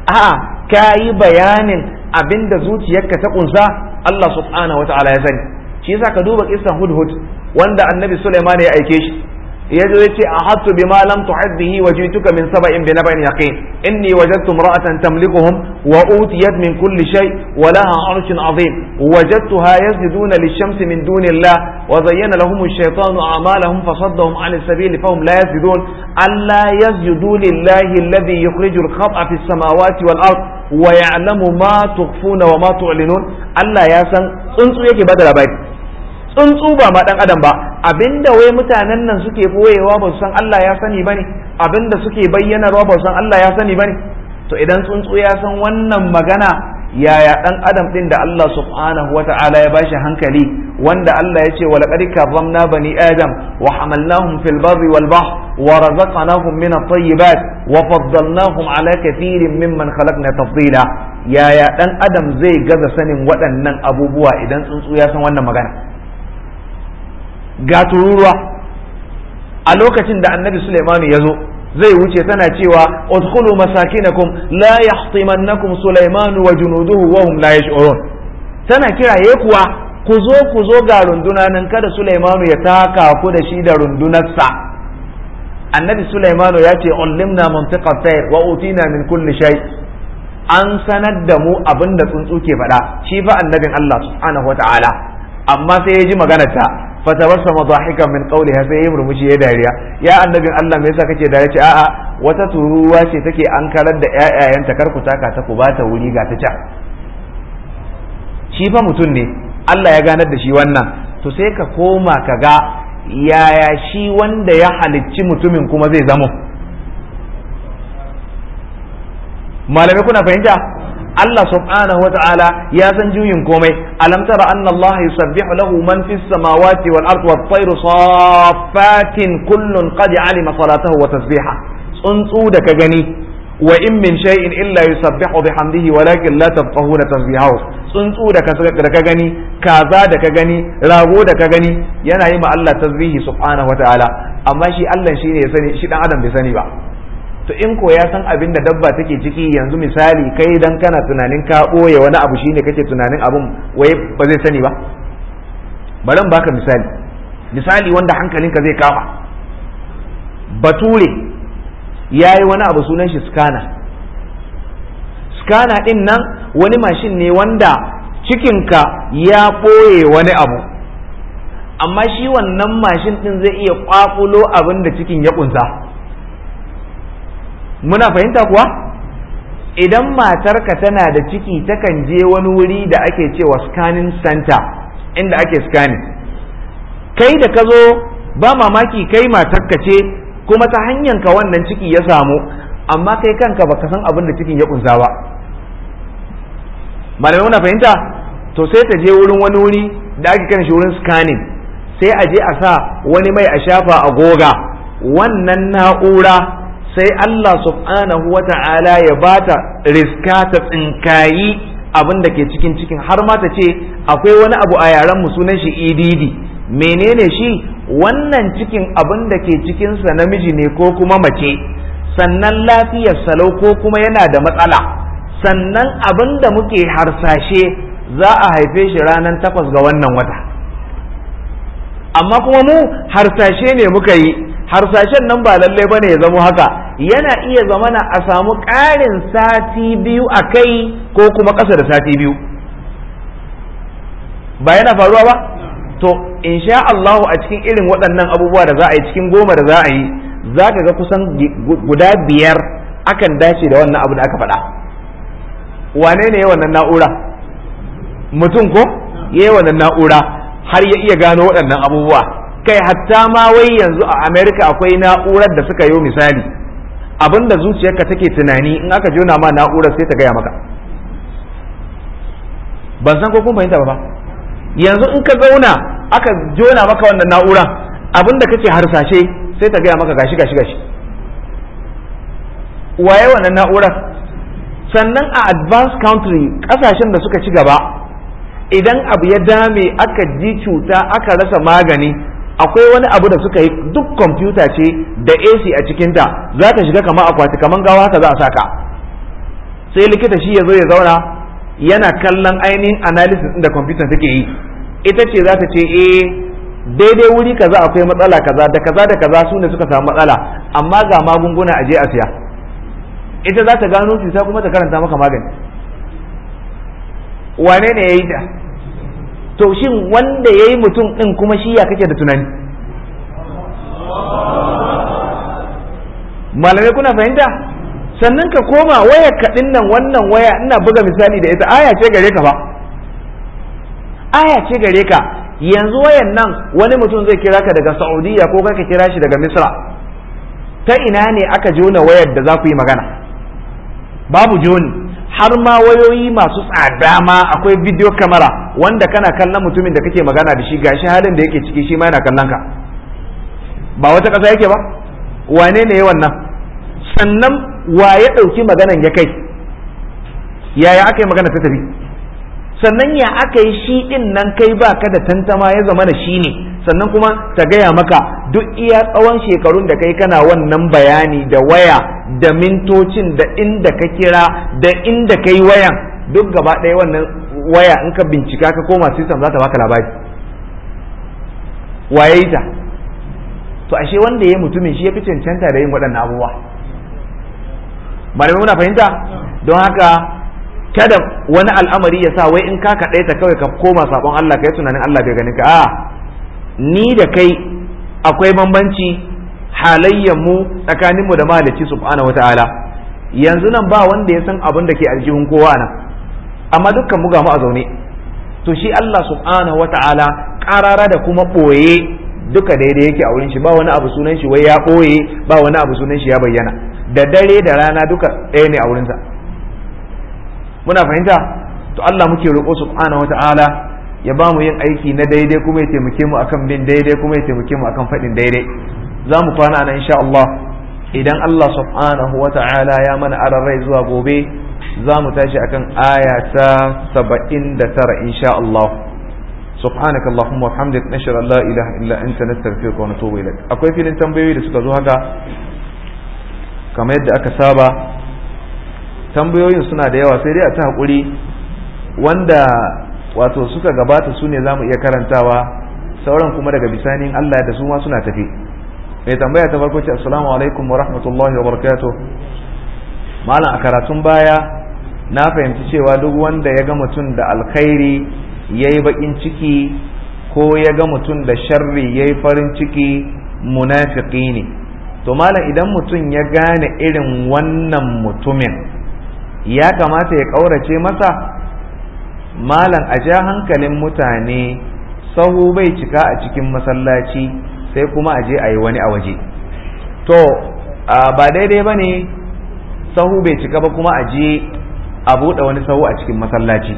a'a ka yi bayanin abinda zuciyarka ta kunsa Allah subhanahu wa ta'ala ya sani shi yasa ka duba kissan hudhud wanda annabi Sulaiman ya aike shi ya zo yace ahadtu bi malam tuhad bihi wa jituka min saba'in bi nab'in yaqin inni wajadtu imra'atan tamlikuhum wa utiyat min kulli shay wa laha 'arshun 'azim wajadtuha yasjuduna lish-shamsi min duni wa zayyana lahum ash-shaytanu a'malahum fasaddahum 'an as-sabili fahum la yasjudun alla yasjudu lillahi alladhi yukhrijul khata fi samawati wal ard wa ya'lamu ma tukhfuna wa ma tu'linun Allah ya san tsuntsu yake bada labari tsuntsu ba ma dan adam ba abinda wai mutanen nan suke boyewa ba su san Allah ya sani bane abinda suke bayyanarwa ba su san Allah ya sani bane to idan tsuntsu ya san wannan magana yaya dan adam din da Allah subhanahu wa ta'ala ya bashi hankali wanda Allah ya ce wa laqad karramna bani adam wa hamalnahum fil barri wal bahr wa razaqnahum min at-tayyibat wa faddalnahum ala kathirin mimman khalaqna tafdila yaya dan adam zai gaza sanin waɗannan abubuwa idan tsuntsu ya san wannan magana ga tururuwa a lokacin da annabi Sulaimanu ya zo zai wuce tana cewa udkhulu masakinakum la yahtimannakum Sulaimanu wa junuduhu wa hum la yash'urun tana kira ye kuwa ku zo ku zo ga runduna nan kada Sulaimanu ya taka ku da shi da rundunarsa annabi Sulaimanu ya ce ullimna mantiqa tayr wa utina min kulli shay an sanar da mu abin da tsuntsu ke faɗa shi fa annabin Allah subhanahu wa ta'ala amma sai ya ji maganarta fatabassama dahikan min qawliha sai ya murmushi ya dariya ya annabin Allah me yasa kake dariya ce a'a wata turuwa ce take an karar da ƴaƴayenta kar ku taka ta ku bata wuri ga ta can shi fa mutum ne Allah ya ganar da shi wannan to sai ka koma ka ga yaya shi wanda ya halicci mutumin kuma zai zama malamai kuna fahimta Allah subhanahu wata'ala ya san juyin komai alam tara anna Allah yusabbihu lahu man fis samawati wal ardi wat tayru saffatin kullun qad alima salatahu wa tasbiha tsuntsu da ka gani wa in min shay'in illa yusabbihu bihamdihi walakin la tafqahuna tasbihahu tsuntsu da ka da ka gani kaza da ka gani rago da ka gani yana yi ma Allah tasbihi subhanahu wata'ala amma shi Allah shine ya sani shi dan adam bai sani ba to in ko ya san abin da dabba take ciki yanzu misali kai dan kana tunanin ka ɓoye wani abu shine kake tunanin abin wai ba zai sani ba bari baka misali misali wanda hankalinka zai kama bature ya yi wani abu sunan shi skana skana din nan wani mashin ne wanda cikinka ya ɓoye wani abu amma shi wannan mashin din zai iya ƙwaƙulo abin da cikin ya ƙunsa muna fahimta kuwa idan matarka tana da ciki takan je wani wuri da ake cewa scanning center inda ake scanning kai da ka zo ba mamaki kai matarka ce kuma ta hanyar ka wannan ciki ya samu amma kai kanka baka san abin da cikin ya kunsa ba malamai muna fahimta to sai ta je wurin wani wuri da ake kan shi wurin scanning sai a je a sa wani mai a shafa a goga wannan na'ura sai Allah subhanahu wa ta'ala ya ba ta riska ta tsinkayi abin da ke cikin cikin har ma ta ce akwai wani abu a yaren mu sunan shi ididi e menene shi wannan cikin abin da ke cikinsa namiji ne ko kuma mace sannan lafiyar salau ko kuma yana da matsala sannan abin da muke harsashe za a haife shi ranar takwas ga wannan wata amma kuma mu harsashe ne muka yi harsashen nan ba lallai bane ya zama haka yana iya zamana a samu ƙarin sati biyu a kai ko kuma ƙasa da sati biyu ba yana faruwa ba to sha Allahu a cikin irin waɗannan abubuwa da za a yi cikin goma da za a yi za ka ga kusan guda biyar akan dace da wannan abu da aka faɗa wane ne wannan na'ura mutum ko ya wannan na'ura har ya iya gano waɗannan abubuwa kai hatta ma wai yanzu a america akwai na'urar da suka yi misali abinda zuciyarka take tunani in aka jona ma na'urar sai ta gaya maka ban san ko kun fahimta ba yanzu in ka zauna aka jona maka wannan na'ura abinda kake harsashe sai ta gaya maka gashi gashi gashi waye wannan na'urar sannan a advanced country kasashen da suka ci gaba idan abu ya dame aka ji cuta aka rasa magani akwai wani abu da suka yi duk kwamfuta ce da AC a cikinta za ta shiga kamar akwati kaman gawa haka za a saka sai likita shi ya zo ya zauna yana kallon ainihin analysis da kwamfuta take yi ita ce za ta ce eh daidai wuri kaza akwai matsala kaza da kaza da kaza su ne suka samu matsala amma ga magunguna a je a siya ita za ta gano ta kuma ta karanta maka magani wane ne ya yi ta to shin wanda yi mutum din kuma shi ya kake da tunani malamai kuna fahimta sannan ka koma waya kaɗin nan wannan waya ina buga misali da ita aya ce gare ka ba aya ce gare ka yanzu wayan nan wani mutum zai kira ka daga saudiya ko ka kira shi daga misra ta ina ne aka jona wayar da za ku yi magana babu joni har ma wayoyi masu tsada ma akwai video kamara wanda kana kallon mutumin da kake magana da shi gashi halin da yake ciki shi ma yana kallon ka ba wata ƙasa yake ba wane ne wannan sannan wa ya ɗauki maganan ya kai yaya aka yi magana ta tafi sannan ya aka yi shi ɗin nan kai ba ka da tantama ya zama da shi ne sannan kuma ta gaya maka duk iya tsawon shekarun da kai kana wannan bayani da waya da mintocin da inda ka kira da inda ka yi wayan duk gaba ɗaya wannan waya in ka bincika ka koma system za ta baka labari waye ta to ashe wanda ya mutumin shi ya fi cancanta da yin waɗannan abubuwa malamai muna fahimta don haka kada wani al'amari ya sa wai in ka kaɗai ta kawai ka koma sabon Allah ka yi tunanin Allah bai ganin ka a ni da kai akwai bambanci halayyar mu tsakanin mu da malaki subhanahu wataala yanzu nan ba wanda ya san abin da ke aljihun kowa nan amma dukkan mu ga mu a zaune to shi Allah subhanahu wataala karara da kuma boye duka daidai yake a wurin shi ba wani abu sunan shi wai ya boye ba wani abu sunan shi ya bayyana da dare da rana duka ɗaya ne a wurinsa muna fahimta to Allah muke roƙo subhanahu wataala ya ba mu yin aiki na daidai kuma ya taimake mu akan bin daidai kuma ya taimake mu akan faɗin daidai za mu kwana nan insha Allah idan Allah subhanahu wa ta'ala ya mana rai zuwa gobe za mu tashi akan aya ta saba'in da tara insha Allah سبحانك اللهم وبحمدك نشهد لا اله الا انت نستغفرك ونتوب اليك akwai filin tambayoyi da suka zo haka kamar yadda aka saba tambayoyin suna da yawa sai dai a ta hakuri wanda wato suka gabata su ne za mu iya karantawa sauran kuma daga bisanin Allah da su ma suna tafi mai tambaya ta farko ce assalamu alaikum wa rahmatullahi wa malam a karatun baya na fahimci cewa duk wanda ya ga mutum da alkhairi ya yi baƙin ciki ko ya ga mutum da sharri ya yi farin ciki munafiki ne to malam idan mutum ya gane irin wannan mutumin ya kamata ya ƙaurace masa malam a ja hankalin mutane sahu bai cika a cikin masallaci sai kuma aje je a yi wani a waje to ba daidai ba ne sahu bai cika ba kuma a a buɗe wani sahu a cikin masallaci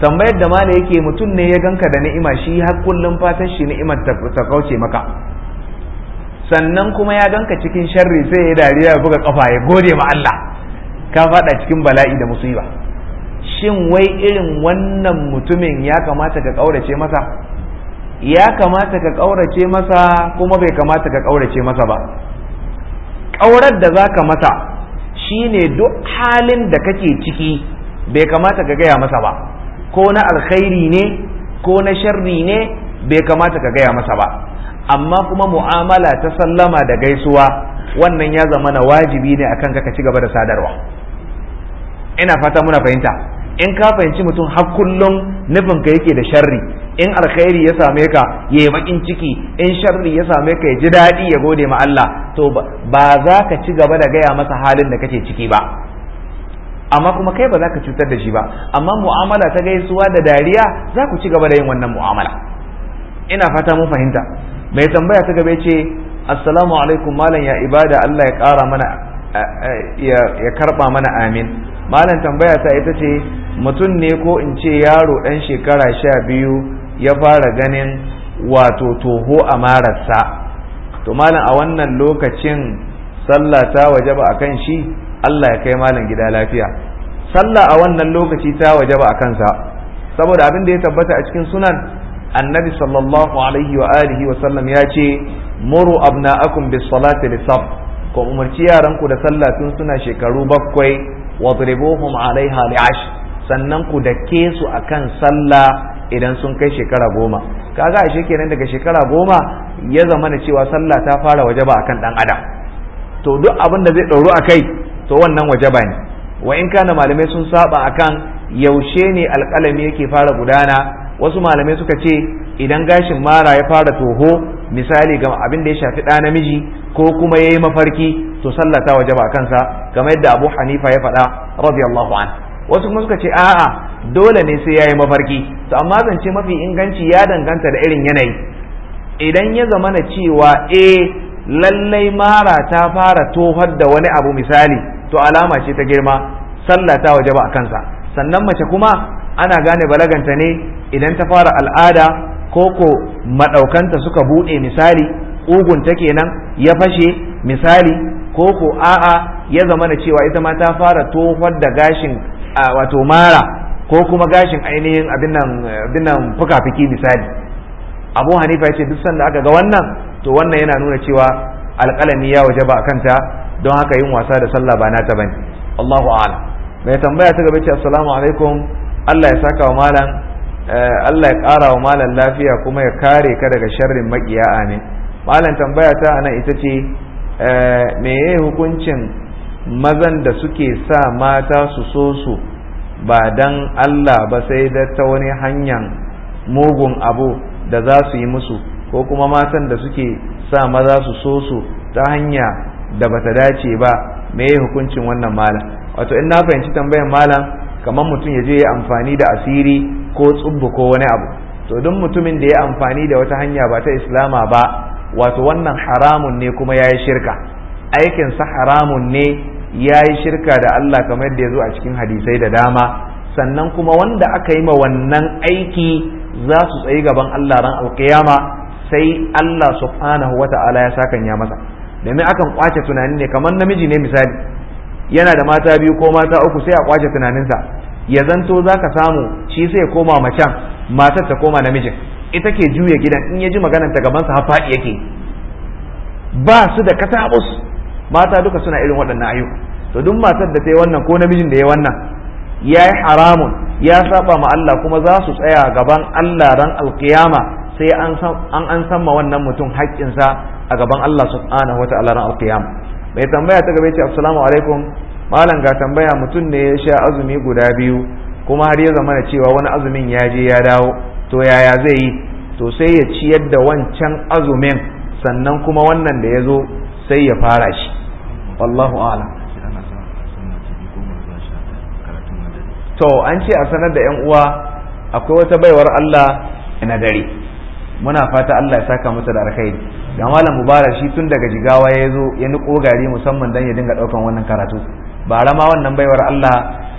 tambayar da mala yake mutum ne ya ganka da ni'ima shi har kullum fatan shi ni'imar ta kauce maka sannan kuma ya ganka cikin sharri sai ya dariya ya buga kafa ya gode ma Allah ka faɗa cikin bala'i da musiba shin wai irin wannan mutumin ya kamata ka ƙaurace masa ya kamata ka ƙaurace masa kuma bai kamata ka ƙaurace masa ba ƙaurar da za ka masa ne duk halin da kake ciki bai kamata ka gaya masa ba ko na alkhairi ne ko na sharri ne bai kamata ka gaya masa ba amma kuma mu'amala ta sallama da gaisuwa wannan ya zama na wajibi ne akan ka ci gaba da sadarwa ina fata muna fahimta in ka fahimci mutum har kullum nufin ka yake da sharri in alkhairi ya same ka yayi bakin ciki in sharri ya same ka ya ji daɗi ya gode ma Allah to ba za ka ci gaba da gaya masa halin da kake ciki ba amma kuma kai ba za ka cutar da shi ba amma mu'amala ta gaisuwa da dariya za ku ci gaba da yin wannan mu'amala ina fata mun fahimta mai tambaya ta gaba ce assalamu alaikum malam ya ibada Allah ya kara mana ya karba mana amin malam tambaya ta ita ce mutum ne ko in ce yaro ɗan shekara sha biyu ya fara ganin wato toho a mararsa to malam a wannan lokacin sallah ta waje ba a kan shi Allah ya kai malam gida lafiya sallah a wannan lokaci ta waje ba a kansa saboda abin da ya tabbata a cikin sunan annabi sallallahu alaihi wa alihi wa sallam ya ce muru abna'akum bis salati lisab ku umarci yaranku da sallah tun suna shekaru bakwai wadribuhum alaiha li'ash sannan ku dake su akan sallah idan sun kai shekara goma kaga ashe kenan daga shekara goma ya zama na cewa sallah ta fara wajaba akan dan adam to duk abin da zai ɗauru a kai to wannan wajaba ne wa in kana malamai sun saba akan yaushe ne alƙalami yake fara gudana wasu malamai suka ce idan gashin mara ya fara toho misali ga abin da ya shafi ɗa namiji ko kuma ya yi mafarki to sallata waje ba kansa game yadda abu hanifa ya faɗa radiyallahu an wasu kuma suka ce a'a dole ne sai ya yi mafarki to amma zan ce mafi inganci ya danganta da irin yanayi idan ya zama na cewa eh lallai mara ta fara tohar da wani abu misali to alama ce ta girma sallata waje ba a kansa sannan mace kuma ana gane balaganta ne idan ta fara al'ada ko ko madaukanta suka buɗe misali ugun ta kenan ya fashe misali ko ko a'a ya zama na cewa ita ma ta fara tofar da gashin wato mara ko kuma gashin ainihin abin nan fuka-fuki misali abu hanifa ya ce duk sanda aka ga wannan to wannan yana nuna cewa alƙalami ya waje ba kanta don haka yin wasa da sallah ba nata bane Allahu a'ala mai tambaya ta gaba ce assalamu alaikum Allah ya saka wa malam Eh, Allah ya ƙara wa malam lafiya kuma ya kare ka daga sharrin maƙiya a ne malam tambaya ta nan ita ce me eh, meye hukuncin mazan da suke sa mata su so su ba dan Allah ba sai da ta wani hanyar mugun abu da za su yi musu ko kuma matan da suke sa maza su so su ta hanya da bata dace ba me yi hukuncin wannan malam wato in na fahimci tambayan malam kamar mutum ya je ya amfani da asiri ko tsubbu ko wani abu to duk mutumin da ya amfani da wata hanya ba ta islama ba wato wannan haramun ne kuma ya yi shirka aikinsa haramun ne ya yi shirka da Allah kamar yadda ya zo a cikin hadisai da dama sannan kuma wanda aka yi ma wannan aiki za su tsayi gaban Allah ran alkiyama sai Allah subhanahu wa ta'ala ya kan ya masa domin akan kwace tunani ne kamar namiji ne misali yana da mata biyu ko mata uku sai a kwace tunaninsa ya zanto za ka samu shi sai ya koma macen matar ta koma namijin ita ke juya gidan in ya ji maganar ta gabansa sa faɗi yake ba su da katabus mata duka suna irin waɗannan ayyuka to duk matar da ta yi wannan ko namijin da ya wannan ya yi haramun ya saba ma Allah kuma za su tsaya gaban Allah ran alkiyama sai an an san ma wannan mutum haƙƙinsa a gaban Allah subhanahu wa ta'ala ran alkiyama mai tambaya ta gaba ya ce assalamu alaikum malam ga tambaya mutum ne ya sha azumi guda biyu kuma har ya zama da cewa wani azumin ya je ya dawo to yaya zai yi to sai ya ciyar da wancan azumin sannan kuma wannan da ya zo sai ya fara shi wallahu a'lam to an ce a sanar da yan uwa akwai wata baiwar Allah na dare muna fata Allah ya saka mata da alkhairi ga malam mubarak shi tun daga jigawa ya zo ya niko gari musamman dan ya dinga daukan wannan karatu ba ma wannan baiwar Allah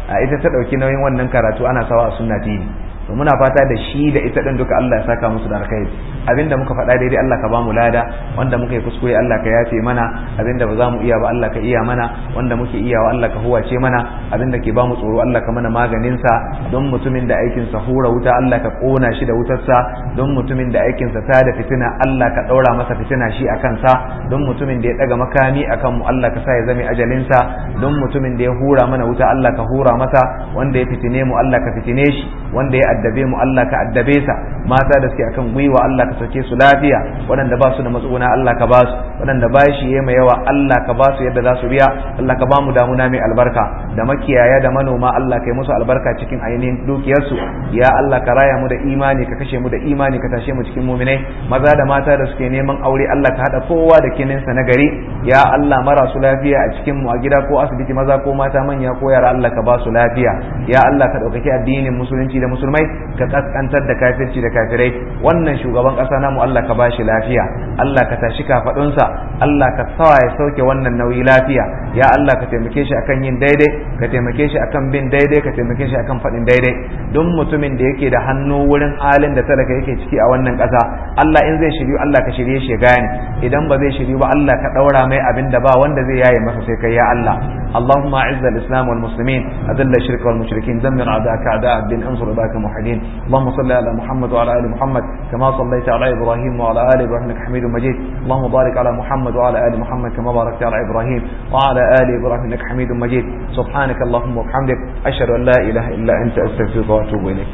a ita ta ɗauki nauyin wannan karatu ana sawa a sunna tv to muna fata da shi da ita din duka Allah ya saka musu da alkhairi abinda muka faɗa daidai Allah ka bamu lada wanda muka yi kuskure Allah ka yafe mana abinda ba za mu iya ba Allah ka iya mana wanda muke wa Allah ka huwace mana abinda ke bamu tsoro Allah ka mana maganin sa don mutumin da aikin sa hura wuta Allah ka kona shi da wutar sa don mutumin da aikin sa ta da fitina Allah ka daura masa fitina shi akan sa don mutumin da ya daga makami akan mu Allah ka sa ya zame ajalin sa don mutumin da ya hura mana wuta Allah ka hura masa wanda ya fitine mu Allah ka fitine shi wanda ya addabe mu Allah ka addabe sa mata da suke akan gwiwa Allah ka sauke su lafiya waɗanda ba su da matsuguna Allah ka ba su waɗanda ba shi yema yawa Allah ka ba su yadda za su biya Allah ka ba mu damuna mai albarka da makiyaya da manoma Allah ka yi musu albarka cikin ainihin dukiyarsu ya Allah ka raya mu da imani ka kashe mu da imani ka tashe mu cikin muminai maza da mata da suke neman aure Allah ka hada kowa da kininsa na gari ya Allah marasu lafiya a cikin mu a gida ko asibiti maza ko mata manya ko yara Allah ka ba su lafiya ya Allah ka ɗaukaki addinin musulunci da musulmai ka kaskantar da kafirci da kafirai wannan shugaban kasa namu Allah ka bashi lafiya Allah ka tashi kafadunsa Allah ka sawa ya sauke wannan nauyi lafiya ya Allah ka taimake shi akan yin daidai ka taimake shi akan bin daidai ka taimake shi akan faɗin daidai duk mutumin da yake da hannu wurin halin da talaka yake ciki a wannan kasa Allah in zai shiryu Allah ka shirye shi gane idan ba zai shiryu ba Allah ka daura mai abin da ba wanda zai yaye masa sai kai ya Allah Allahumma a'izz al-islam wal muslimin adilla shirka wal mushrikin dammir a'daka a'da ad حليم اللهم صل على محمد وعلى ال محمد كما صليت على ابراهيم وعلى ال ابراهيم انك حميد مجيد اللهم بارك على محمد وعلى ال محمد كما باركت على ابراهيم وعلى ال ابراهيم انك حميد مجيد سبحانك اللهم وبحمدك اشهد ان لا اله الا انت استغفرك واتوب اليك